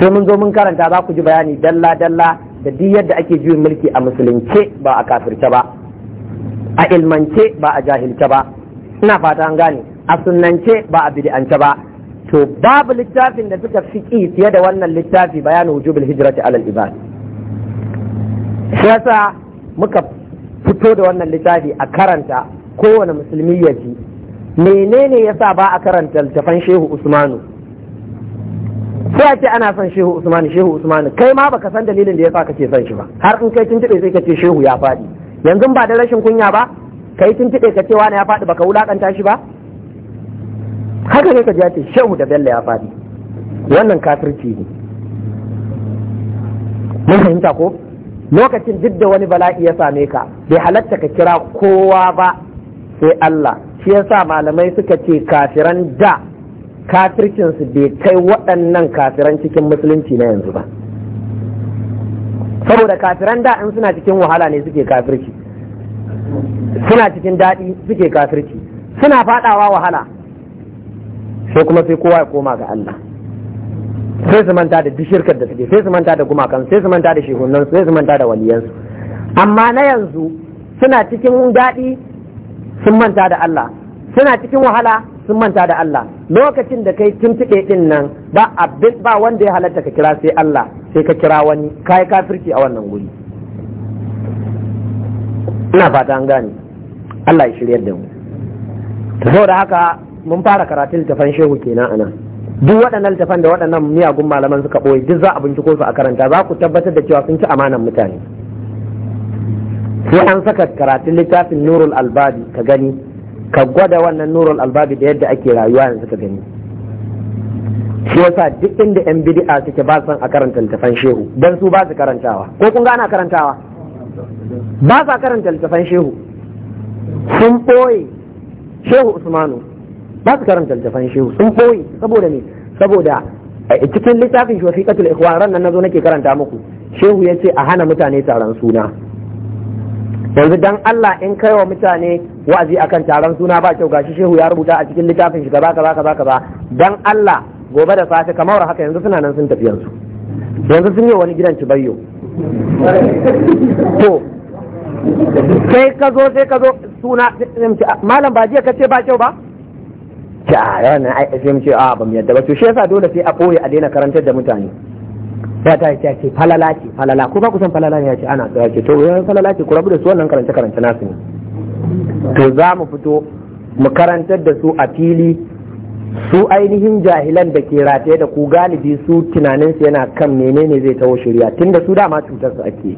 sai mun zo mun karanta za ku ji bayani dalla dalla da duk yadda ake juyin mulki a musulunce ba a kafirce ba a ilmance ba a jahilce ba ina fata an gane a sunnance ba a bid'ance ba to babu littafin da suka fi fiye da wannan littafi bayanin wujubul ta alal ibad yasa muka fito da wannan littafi a karanta kowane musulmi ya ji menene yasa ba a karanta littafan shehu usmanu sai a ce ana son shehu usmanu shehu usmanu kai ma baka san dalilin da yasa kake son shi ba har in kai tuntube sai ka shehu ya faɗi yanzu ba da rashin kunya ba kai tuntube ka ce wani ya faɗi baka wulakanta shi ba haka ne ka ji ce shehu da bello ya faɗi wannan kafirci ne mun fahimta ko lokacin duk da wani bala'i ya same ka bai halatta ka kira kowa ba sai Allah shi yasa malamai suka ce kafiran da kafircinsu bai kai waɗannan kafiran cikin musulunci na yanzu ba saboda kafiran da in suna cikin wahala ne suke kafirci suna cikin daɗi suke kafirci suna faɗawa wahala sai kuma sai kowa ya koma ga Allah sai su manta da shirkar da suke sai su manta da gumakan sai su manta da shehunan sai su manta da waliyansu amma na yanzu suna cikin daɗi sun manta da Allah suna cikin wahala sun manta da Allah lokacin da kai tuntuɓe ɗin nan ba abin ba wanda ya halatta ka kira sai Allah sai ka kira wani kai kafirci a wannan guri ina fata an gane Allah ya shirya da mu saboda haka mun fara karatun littafan shehu kenan nan duk waɗannan littafan da waɗannan miyagun malaman suka ɓoye duk za a binciko su a karanta za ku tabbatar da cewa sun ci amanan mutane sai an saka karatun littafin nurul albabi ka gani ka gwada wannan nurul albabi da yadda ake rayuwa yanzu ka gani shi yasa duk inda yan bid'a suke ba san a karanta littafan shehu dan su ba su karantawa ko kun ga ana karantawa ba sa karanta littafan shehu sun ɓoye shehu usmanu ba su karanta littafan shehu sun koyi saboda me saboda eh, cikin littafin shafiqatul ikhwan ran nan nazo nake karanta muku shehu ya ce a hana mutane taron suna yanzu dan Allah in kai wa mutane wa'azi akan taron suna ba kyau gashi shehu ya rubuta a cikin littafin shi kaza kaza kaza kaza dan Allah gobe da safe kamar haka yanzu suna nan sun tafi yanzu yanzu sun yi wani gidan cibayyo to sai ka zo sai ka zo suna malam ba jiya ka ce ba kyau ba ta na ai sai mu ce a ah, ba mu yadda ba to shi yasa dole sai a koyi a daina karantar da mutane ya ta ce ce falala ce falala ko ba ku san falala ne ya ce ana so ya ce to yawan eh, falala ce ku rabu da su wannan karance karance nasu ne to za mu fito mu karantar da su a fili su ainihin jahilan da ke rataye da ku galibi su tunaninsu yana kan menene zai taho shirya tunda su dama cutar su ake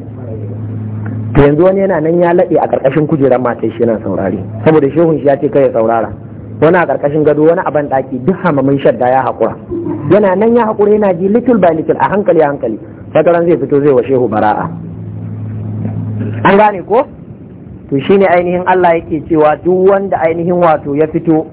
to yanzu wani yana nan ya laɗe a ƙarƙashin kujerar matar shi yana saurari saboda shehun shi ya ce kai ya saurara wani a ƙarƙashin gado wani a banɗaki duk hamamin shadda ya haƙura yana nan ya haƙura yana ji little by little a hankali a hankali fataran zai fito zai washe bara'a an gane ko to shine ainihin Allah yake cewa duk wanda ainihin wato ya fito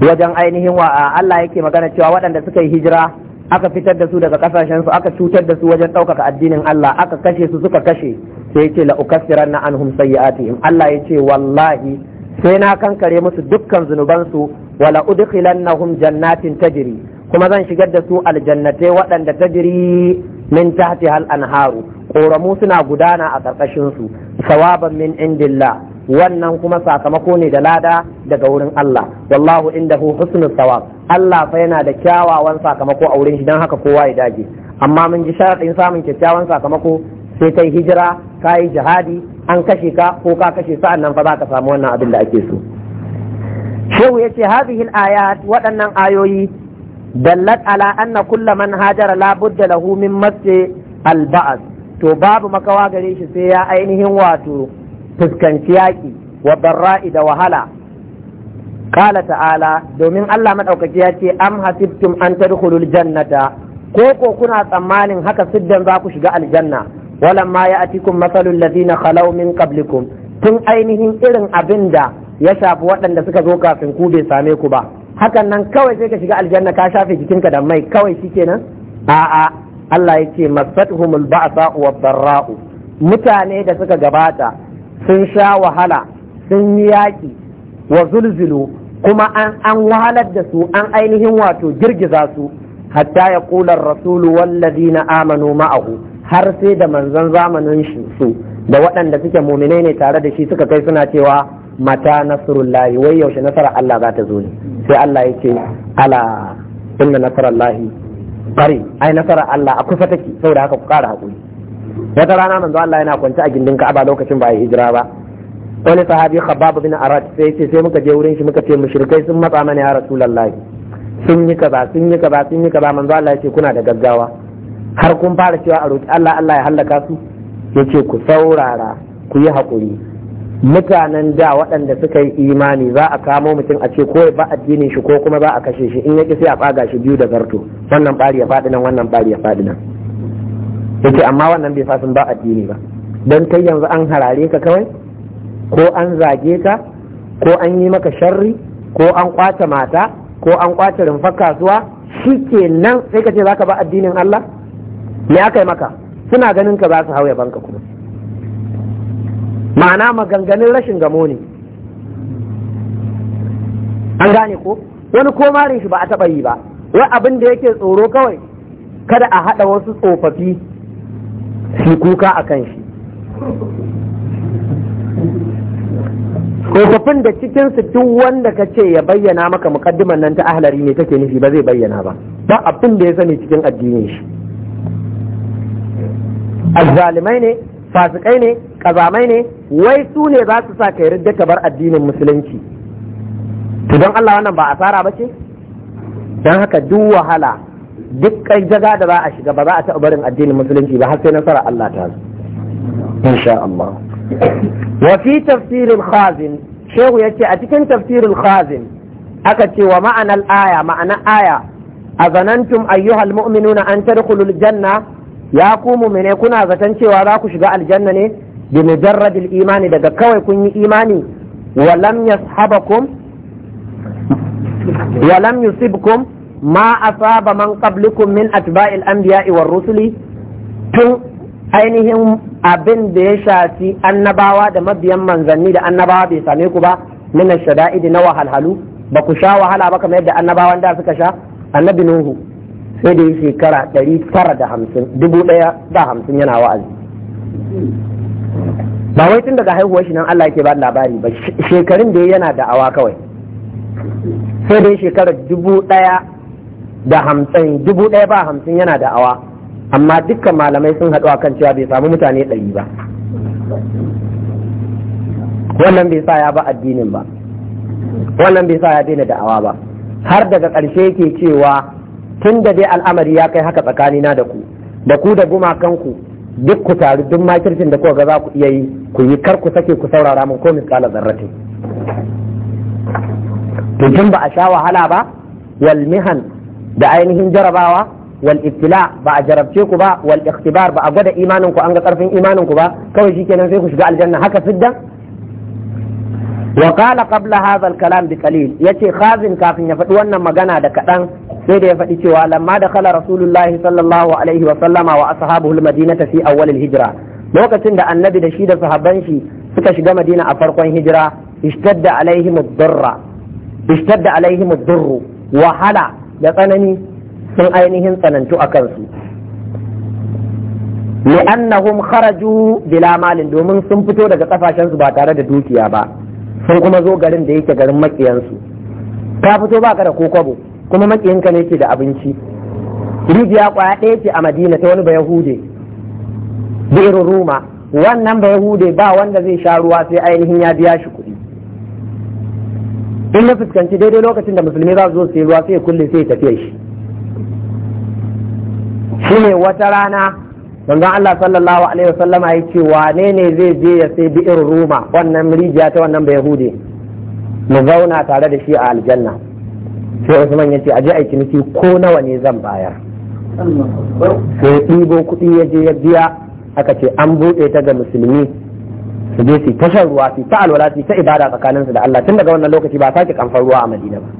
wajen ainihin wa Allah yake magana cewa waɗanda suka yi hijira aka fitar da su daga kasashen su aka cutar da su wajen ɗaukaka addinin Allah aka kashe su suka kashe sai yace la'ukasiran na anhum sayyi'atihim Allah ya ce wallahi sai na kankare musu dukkan zunubansu wala udkhilannahum jannatin tajri kuma zan shigar da su aljannatai waɗanda tajri min tahti hal anharu ƙoramu suna gudana a ƙarƙashin su sawaban min indillah wannan kuma sakamako ne da lada daga wurin Allah wallahu indahu husnul sawab Allah fa yana da kyawawan sakamako a wurin shi dan haka kowa ya dage amma mun ji sharadin samun kyakkyawan sakamako sai kai hijira ka yi jihadi an kashe ka ko ka kashe sa'an nan fa za ka samu wannan abin da ake so shehu ya ce hadhihi ayat waɗannan ayoyi dallat ala anna kulla man hajara la budda lahu min masjid al to babu makawa gare shi sai ya ainihin wato fuskanci yaki wa barra'i da wahala qala ta'ala domin Allah madaukaki ya ce am hasibtum an tadkhulul jannata ko ko kuna tsammanin haka siddan za ku shiga aljanna walamma a atikum masalul ladina khalaw min tun ainihin irin abin da ya shafi waɗanda suka zo kafin ku bai same ku ba hakan nan kawai sai ka shiga aljanna ka shafe jikinka da mai kawai nan? a'a Allah yake masatuhumul ba'sa wa darra'u mutane da suka gabata sun sha wahala sun yi yaƙi wa zulzulu kuma an an wahalar da su an ainihin wato girgiza su hatta ya rasulu wallazina amanu ma'ahu har sai da manzon zamanin su da waɗanda suke muminai ne tare da shi suka kai suna cewa mata nasrullahi wai yaushe nasarar Allah za ta zo ne sai Allah ya ce ala inna nasarallahi bari ai nasarar Allah a kusa take saboda haka ku kara hakuri wata rana manzo Allah yana kwance a gindin Ka'aba lokacin ba ya hijira ba wani sahabi Khabbab bin Arad sai ce sai muka je wurin shi muka ce mushrikai sun matsa mana ya Rasulullahi sun yi kaza sun yi kaza sun yi kaza manzo Allah ya ce kuna da gaggawa har kun fara cewa a roƙi Allah Allah ya hallaka su Ya ce ku saurara ku yi haƙuri mutanen da waɗanda suka yi imani za a kamo mutum a ce ko ba addinin shi ko kuma za a kashe shi in yaki sai a tsaga shi biyu da zarto wannan bari ya faɗi nan wannan bari ya faɗi nan yace amma wannan bai fasin ba addini ba don kai yanzu an harare ka kawai ko an zage ka ko an yi maka sharri ko an kwace mata ko an kwace rumfar kasuwa shi ke nan sai ka ce za ka ba addinin Allah me aka yi maka suna ganin ka za su hau banka kuma ma'ana maganganun rashin gamo ne an gane ko wani komarin shi ba a taɓa yi ba wai abin da yake tsoro kawai kada a haɗa wasu tsofaffi su kuka a kan shi tsofaffin da cikin su duk wanda ka ce ya bayyana maka mukaddiman nan ta ahlari ne take nufi ba zai bayyana ba ba abin da ya sani cikin addinin shi azzalimai ne fasikai ne kazamai ne wai su ne za su sa kai ridda ka bar addinin musulunci to don Allah wannan ba asara ba ce don haka duk wahala duk kai da za a shiga ba za a taɓa barin addinin musulunci ba har sai nasara Allah ta zo insha Allah wa fi tafsirin khazin shehu yace a cikin tafsirin khazin aka ce wa ma'anar aya ma'anar aya a azanantum ayyuhal mu'minuna an tadkhulul janna ya ku mumine kuna zaton cewa za ku shiga aljanna ne bi mujarradil imani daga kawai kun yi imani wa lam yashabakum wa lam yusibkum ma asaba man qablukum min atba'il anbiya'i war rusuli tun ainihin abin da ya shafi annabawa da mabiyan manzanni da annabawa bai same ku ba min ash-shada'id na wahalhalu ba ku sha wahala ba kamar yadda annabawan da suka sha annabi nuhu sai da shekara ɗari tara da hamsin dubu ɗaya da hamsin yana wa'azi ba wai tun daga haihuwar shi nan Allah ke ba labari ba shekarun da yana da'awa kawai sai da shekara dubu ɗaya da hamsin dubu ɗaya ba hamsin yana da'awa amma dukkan malamai sun haɗu a kan cewa bai samu mutane ɗari ba wannan bai sa ya ba addinin ba wannan bai sa ya daina da'awa ba har daga ƙarshe yake cewa tun da dai al'amari ya kai haka tsakanina da ku da ku da gumakanku duk ku taru duk makircin da kuka ga za ku iya yi ku yi kar ku sake ku saurara mun ko misqala zarratin to tun ba a sha wahala ba wal mihan da ainihin jarabawa wal ibtila ba a jarabce ku ba wal ikhtibar ba a gwada imanin ku an ga karfin imanin ku ba kawai shikenan sai ku shiga aljanna haka fiddan wa qala qabla hadha al-kalam bi qalil yace khazin kafin ya faɗi wannan magana da kaɗan sai da ya faɗi cewa lamma da kala rasulullahi sallallahu alaihi wa sallama wa ashabuhu al-madinata fi awwal al-hijra lokacin da annabi da shi da sahabban shi suka shiga madina a farkon hijira ishtadda alaihim ad wahala da tsanani sun ainihin tsanantu a kansu li'annahum kharaju bila malin domin sun fito daga kafashen ba tare da dukiya ba sun kuma zo garin da yake garin makiyansu ka fito baka da kokobo kuma makiyanka ne ke da abinci rijiya kwaya ɗaya ce a madina ta wani ba yahude birin ruma wannan ba yahude ba wanda zai sha ruwa sai ainihin ya biya shi kuɗi in na fuskanci daidai lokacin da musulmi za su zo sai ruwa sai ya kulle sai tafiya shi shine wata rana manzon Allah sallallahu alaihi wasallam ya ce wane ne zai je ya sai bi'ir ruma wannan rijiya ta wannan bai mu zauna tare da shi a aljanna sai Usman ya ce aje a ciniki ko nawa ne zan bayar sai ɗibo kuɗi ya je ya biya aka ce an buɗe ta ga musulmi su je su ta shan ruwa su ta alwala su ta ibada tsakaninsu da Allah tun daga wannan lokaci ba sake kamfar ruwa a Madina ba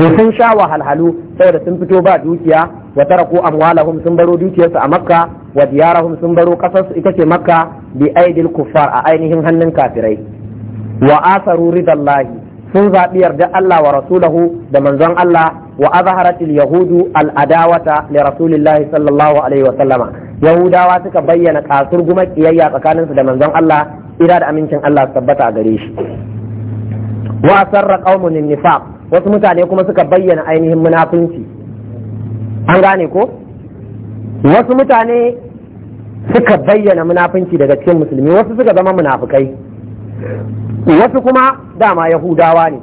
to sun sha wahalhalu saboda sun fito ba dukiya wa taraku amwalahum sun baro dukiyarsu a makka wa diyarahum sun baro kasarsu ita ce makka bi aidil kuffar a ainihin hannun kafirai wa asaru ridallahi sun zaɓi yarda Allah wa rasulahu da manzon Allah wa azharatil yahudu al adawata li rasulillah sallallahu alaihi wa sallama yahudawa suka bayyana kasur guma kiyayya tsakaninsu da manzon Allah ira da amincin Allah tabbata a gare shi wa asarra qaumun nifaq wasu mutane kuma suka bayyana ainihin munafunci an gane ko wasu mutane suka bayyana munafunci daga cikin musulmi wasu suka zama munafukai wasu kuma dama yahudawa ne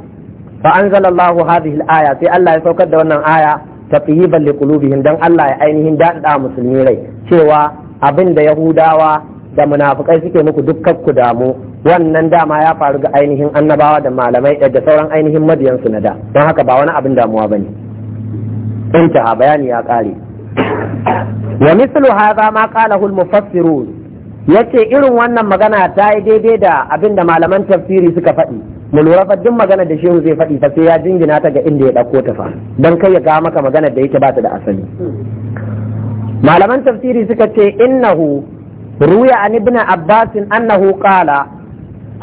fa anzalallahu hadhihi alaya aya sai Allah ya saukar da wannan aya taqiban liqulubihim dan Allah ya ainihin dadada musulmi rai cewa abin da yahudawa da munafukai suke muku dukkan ku damu wannan dama ya faru ga ainihin annabawa da malamai da sauran ainihin mabiyansu na da don haka ba wani abin damuwa bane انتهى بياني يا kare ومثل هذا ما قاله المفسرون yace irin wannan magana ta yi daidai da abinda malaman tafsiri suka faɗi mu lura fa duk magana da shehu zai faɗi fa sai ya jingina ta ga inda ya ɗauko ta fa dan kai ya ga maka magana da yake ba ta da asali malaman tafsiri suka ce innahu ruya an ibn abbas annahu qala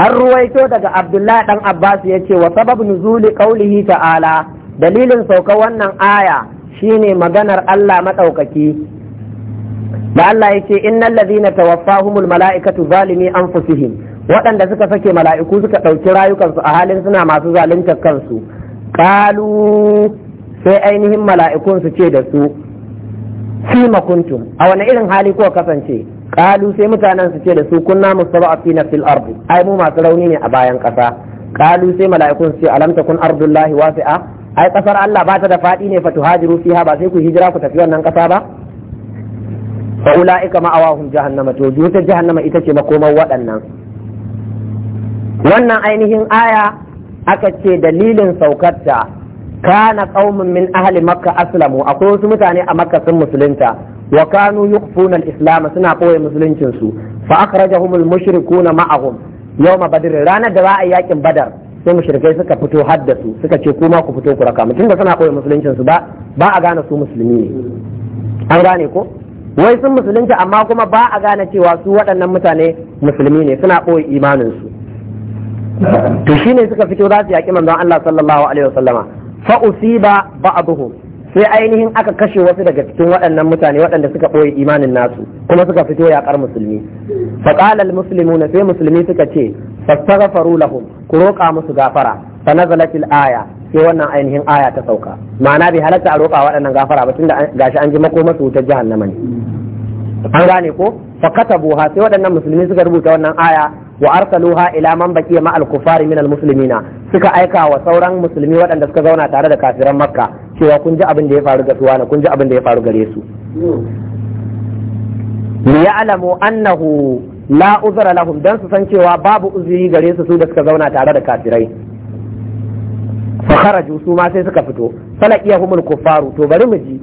an ruwaito daga abdullahi dan abbas yace wa sababu nuzuli qawlihi ta'ala dalilin sauka wannan aya shine maganar Allah maɗaukaki da Allah ya ce innal lazina tawaffahumul mala'ikatu zalimi anfusihim waɗanda suka sake mala'iku suka ɗauki rayukansu a halin suna masu zaluntar kansu kalu sai ainihin mala'ikun su ce da su fi makuntum a wani irin hali kuwa kasance kalu sai mutanen su ce da su kunna mustada'afina fil ardi ai mu masu rauni ne a bayan ƙasa kalu sai mala'ikun su ce alam takun ardullahi wasi'a ai kasar Allah ba ta da faɗi ne fatuhajiru fiha ba sai ku hijira ku tafi wannan ƙasa ba fa ulaika ma'awahum jahannama to wutar jahannama ita ce makomar waɗannan wannan ainihin aya aka ce dalilin saukarta kana qaumun min ahli makka aslamu akwai wasu mutane a makka sun musulunta wa kanu yuqfuna al-islam suna koyi musuluncin su fa akhrajahum al-mushrikuna ma'ahum yawma badr ranar da za a yakin badar sai mushrikai suka fito haddasu suka ce kuma ku fito ku raka mu tunda suna koyi musuluncin su ba ba a gane su musulmi ne an gane ko wai sun musulunci amma kuma ba a gane cewa su waɗannan mutane musulmi ne suna koyi imanin su to shine suka fito za su yaƙi manzon Allah sallallahu alaihi wasallama fa usiba ba'dhum sai ainihin aka kashe wasu daga cikin waɗannan mutane waɗanda suka ɓoye imanin nasu kuma suka fito yaƙar musulmi faqala na sai musulmi suka ce fastaghfaru lahum ku roƙa musu gafara fa nazalatil aya sai wannan ainihin aya ta sauka ma'ana bai halarta a roƙa waɗannan gafara ba tunda gashi an ji mako su wutar jahannama ne an gane ko fa katabuha sai waɗannan musulmi suka rubuta wannan aya wa arsaluha ila man baqiya ma al-kufari min al-muslimina suka aika wa sauran musulmi waɗanda suka zauna tare da kafiran makka cewa kun ji abin da ya faru ga su wani kun ji abin da ya faru gare su li ya'lamu annahu la uzra lahum dan su san cewa babu uzuri gare su su da suka zauna tare da kafirai fa kharaju su ma sai suka fito falaqiyahumul kufaru to bari mu ji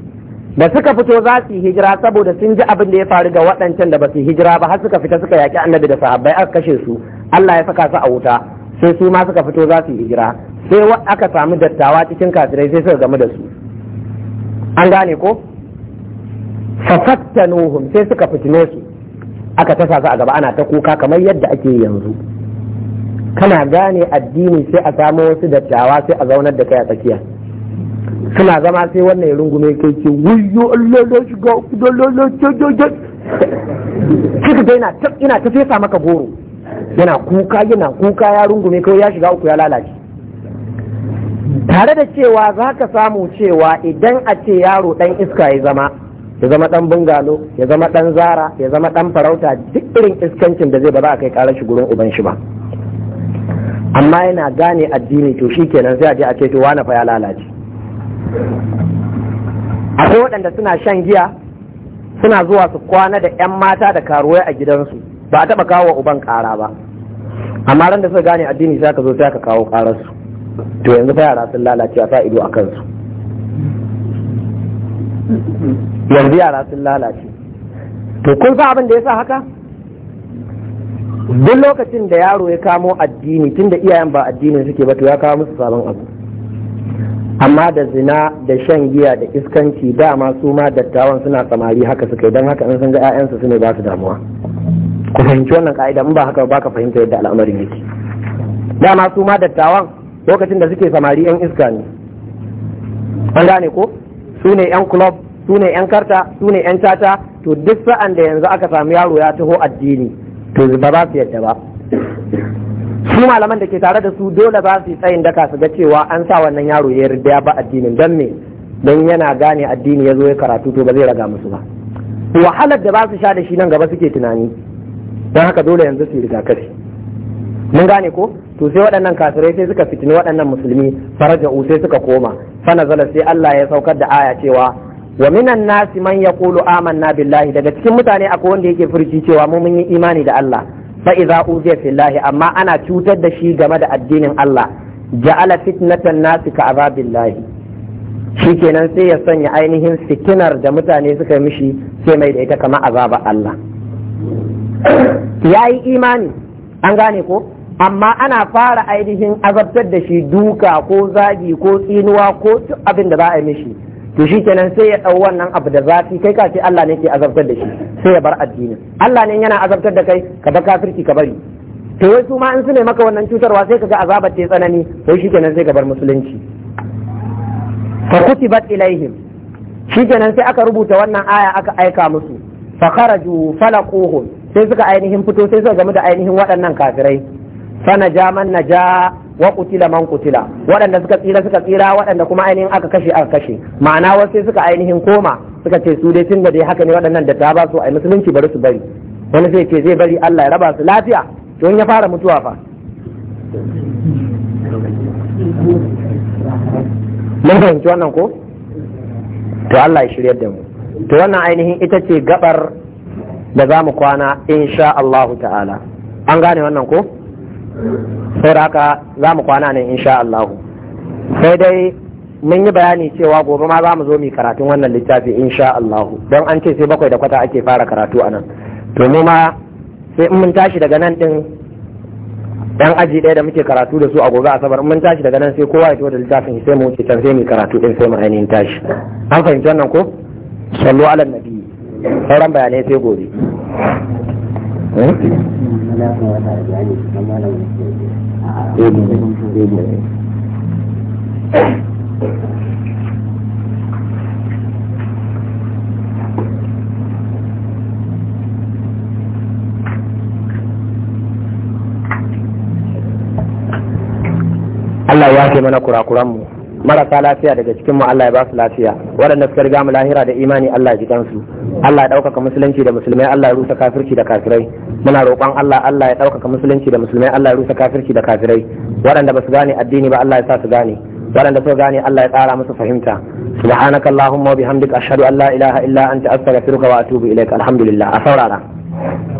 da suka fito za su yi hijira saboda sun ji abin da ya faru ga waɗancan da ba su hijira ba har suka fita suka yaƙi annabi da sahabbai aka kashe su Allah ya saka su a wuta sai su ma suka fito za su yi hijira sai aka samu dattawa cikin kafirai sai suka gamu da su an gane ko fafattanuhum sai suka fitine su aka tasa su a gaba ana ta kuka kamar yadda ake yanzu kana gane addini sai a samo wasu dattawa sai a zaunar da kai a tsakiya suna zama sai wannan ya rungume kai ce wuyo allolo shiga uku da ina ina ta fesa maka goro yana kuka yana kuka ya rungume kai ya shiga uku ya lalace tare da cewa za ka samu cewa idan a ce yaro dan iska ya zama ya zama dan bungalo ya zama dan zara ya zama dan farauta duk irin iskancin da zai ba za a kai karar shi gurin uban shi ba amma yana gane addini to shikenan sai a je a ce to wani fa ya lalace akwai waɗanda suna shan giya suna zuwa su kwana da 'yan mata da karuwai a gidansu ba a taɓa kawo wa uban ƙara ba amma ran da suka gane addini za ka zo sai ka kawo ƙararsu to yanzu fa yara sun lalace a sa ido a kansu yanzu yara sun lalace to kun sa abin da ya sa haka duk lokacin da yaro ya kamo addini tun da iyayen ba addinin suke ba to ya kawo musu sabon abu amma da zina da shan giya da iskanci dama su ma dattawan suna samari haka suka don haka in sun ga 'ya'yansu su ne ba su damuwa ku fahimci wannan ka'ida in ba haka ba ka fahimta yadda al'amarin yake dama su ma dattawan lokacin da suke samari 'yan iska ne an gane ko su ne 'yan club su ne 'yan karta sune ne 'yan tata to duk sa'an da yanzu aka samu yaro ya taho addini to ba za su yadda ba su malaman da ke tare da su dole ba su yi tsayin daka su ga cewa an sa wannan yaro ya yarda ba addinin don me don yana gane addini ya zo ya karatu to ba zai raga musu ba wahalar da ba su sha da shi nan gaba suke tunani don haka dole yanzu su yi rigakafi mun gane ko to sai waɗannan kafirai sai suka fitini waɗannan musulmi faraja'u sai suka koma fana zala sai Allah ya saukar da aya cewa wa minan nasi man yaqulu amanna billahi daga cikin mutane akwai wanda yake furci cewa mu mun yi imani da Allah fa iza uziya fillahi amma ana cutar da shi game da addinin Allah ja'ala fitnatan nasi ka azabillahi kenan sai ya sanya ainihin fitinar da mutane suka mishi sai mai da ita kamar azaba Allah yayi imani an gane ko amma ana fara ainihin azabtar da shi duka ko zagi ko tsinuwa ko abin da za a yi mishi to shi kenan sai ya ɗau wannan abu da zafi kai ka ce Allah ne ke azabtar da shi sai ya bar addinin Allah ne yana azabtar da kai ka ba kafirci ka bari to wai su ma in su ne maka wannan cutarwa sai ka ga azabar ta tsanani to shi kenan sai ka bar musulunci fa kutibat ilaihim shi kenan sai aka rubuta wannan aya aka aika musu fa kharaju falaquhum sai suka ainihin fito sai suka gamu da ainihin waɗannan kafirai fa najaman najaa wa kutila man kutila waɗanda suka tsira suka tsira waɗanda kuma ainihin aka kashe aka kashe ma'ana wasu suka ainihin koma suka ce su dai tunda dai haka ne waɗannan da ta ba su a musulunci bari su bari wani zai ce zai bari Allah ya raba su lafiya to ya fara mutuwa fa mun fahimci wannan ko to Allah ya shiryar da mu to wannan ainihin ita ce gabar da za mu kwana insha Allah ta'ala an gane wannan ko sai haka za mu kwana nan insha Allah sai dai mun yi bayani cewa gobe ma za mu zo mu karatun wannan littafi insha Allah don an ce sai bakwai da kwata ake fara karatu a nan to mu ma sai in mun tashi daga nan din dan aji ɗaya da muke karatu da su a gobe asabar in mun tashi daga nan sai kowa ya to da littafin sai mu wuce can sai mu karatu din sai mu ainihin tashi an fahimci wannan ko sallu ala nabi sauran bayanai sai gobe eh? Allah ya ke mana kurakuranmu marasa lafiya daga cikin mu Allah ya ba su lafiya waɗanda suka riga mu lahira da imani Allah ya ji kansu Allah ya ɗaukaka musulunci da musulmai Allah ya rusa kafirci da kafirai muna roƙon Allah Allah ya ɗaukaka musulunci da musulmai Allah ya rusa kafirci da kafirai waɗanda ba su gane addini ba Allah ya sa su gane waɗanda suka gane Allah ya ƙara musu fahimta subhanaka allahumma wa bihamdika ashhadu an la ilaha illa anta astaghfiruka wa atubu ilaik alhamdulillah a saurara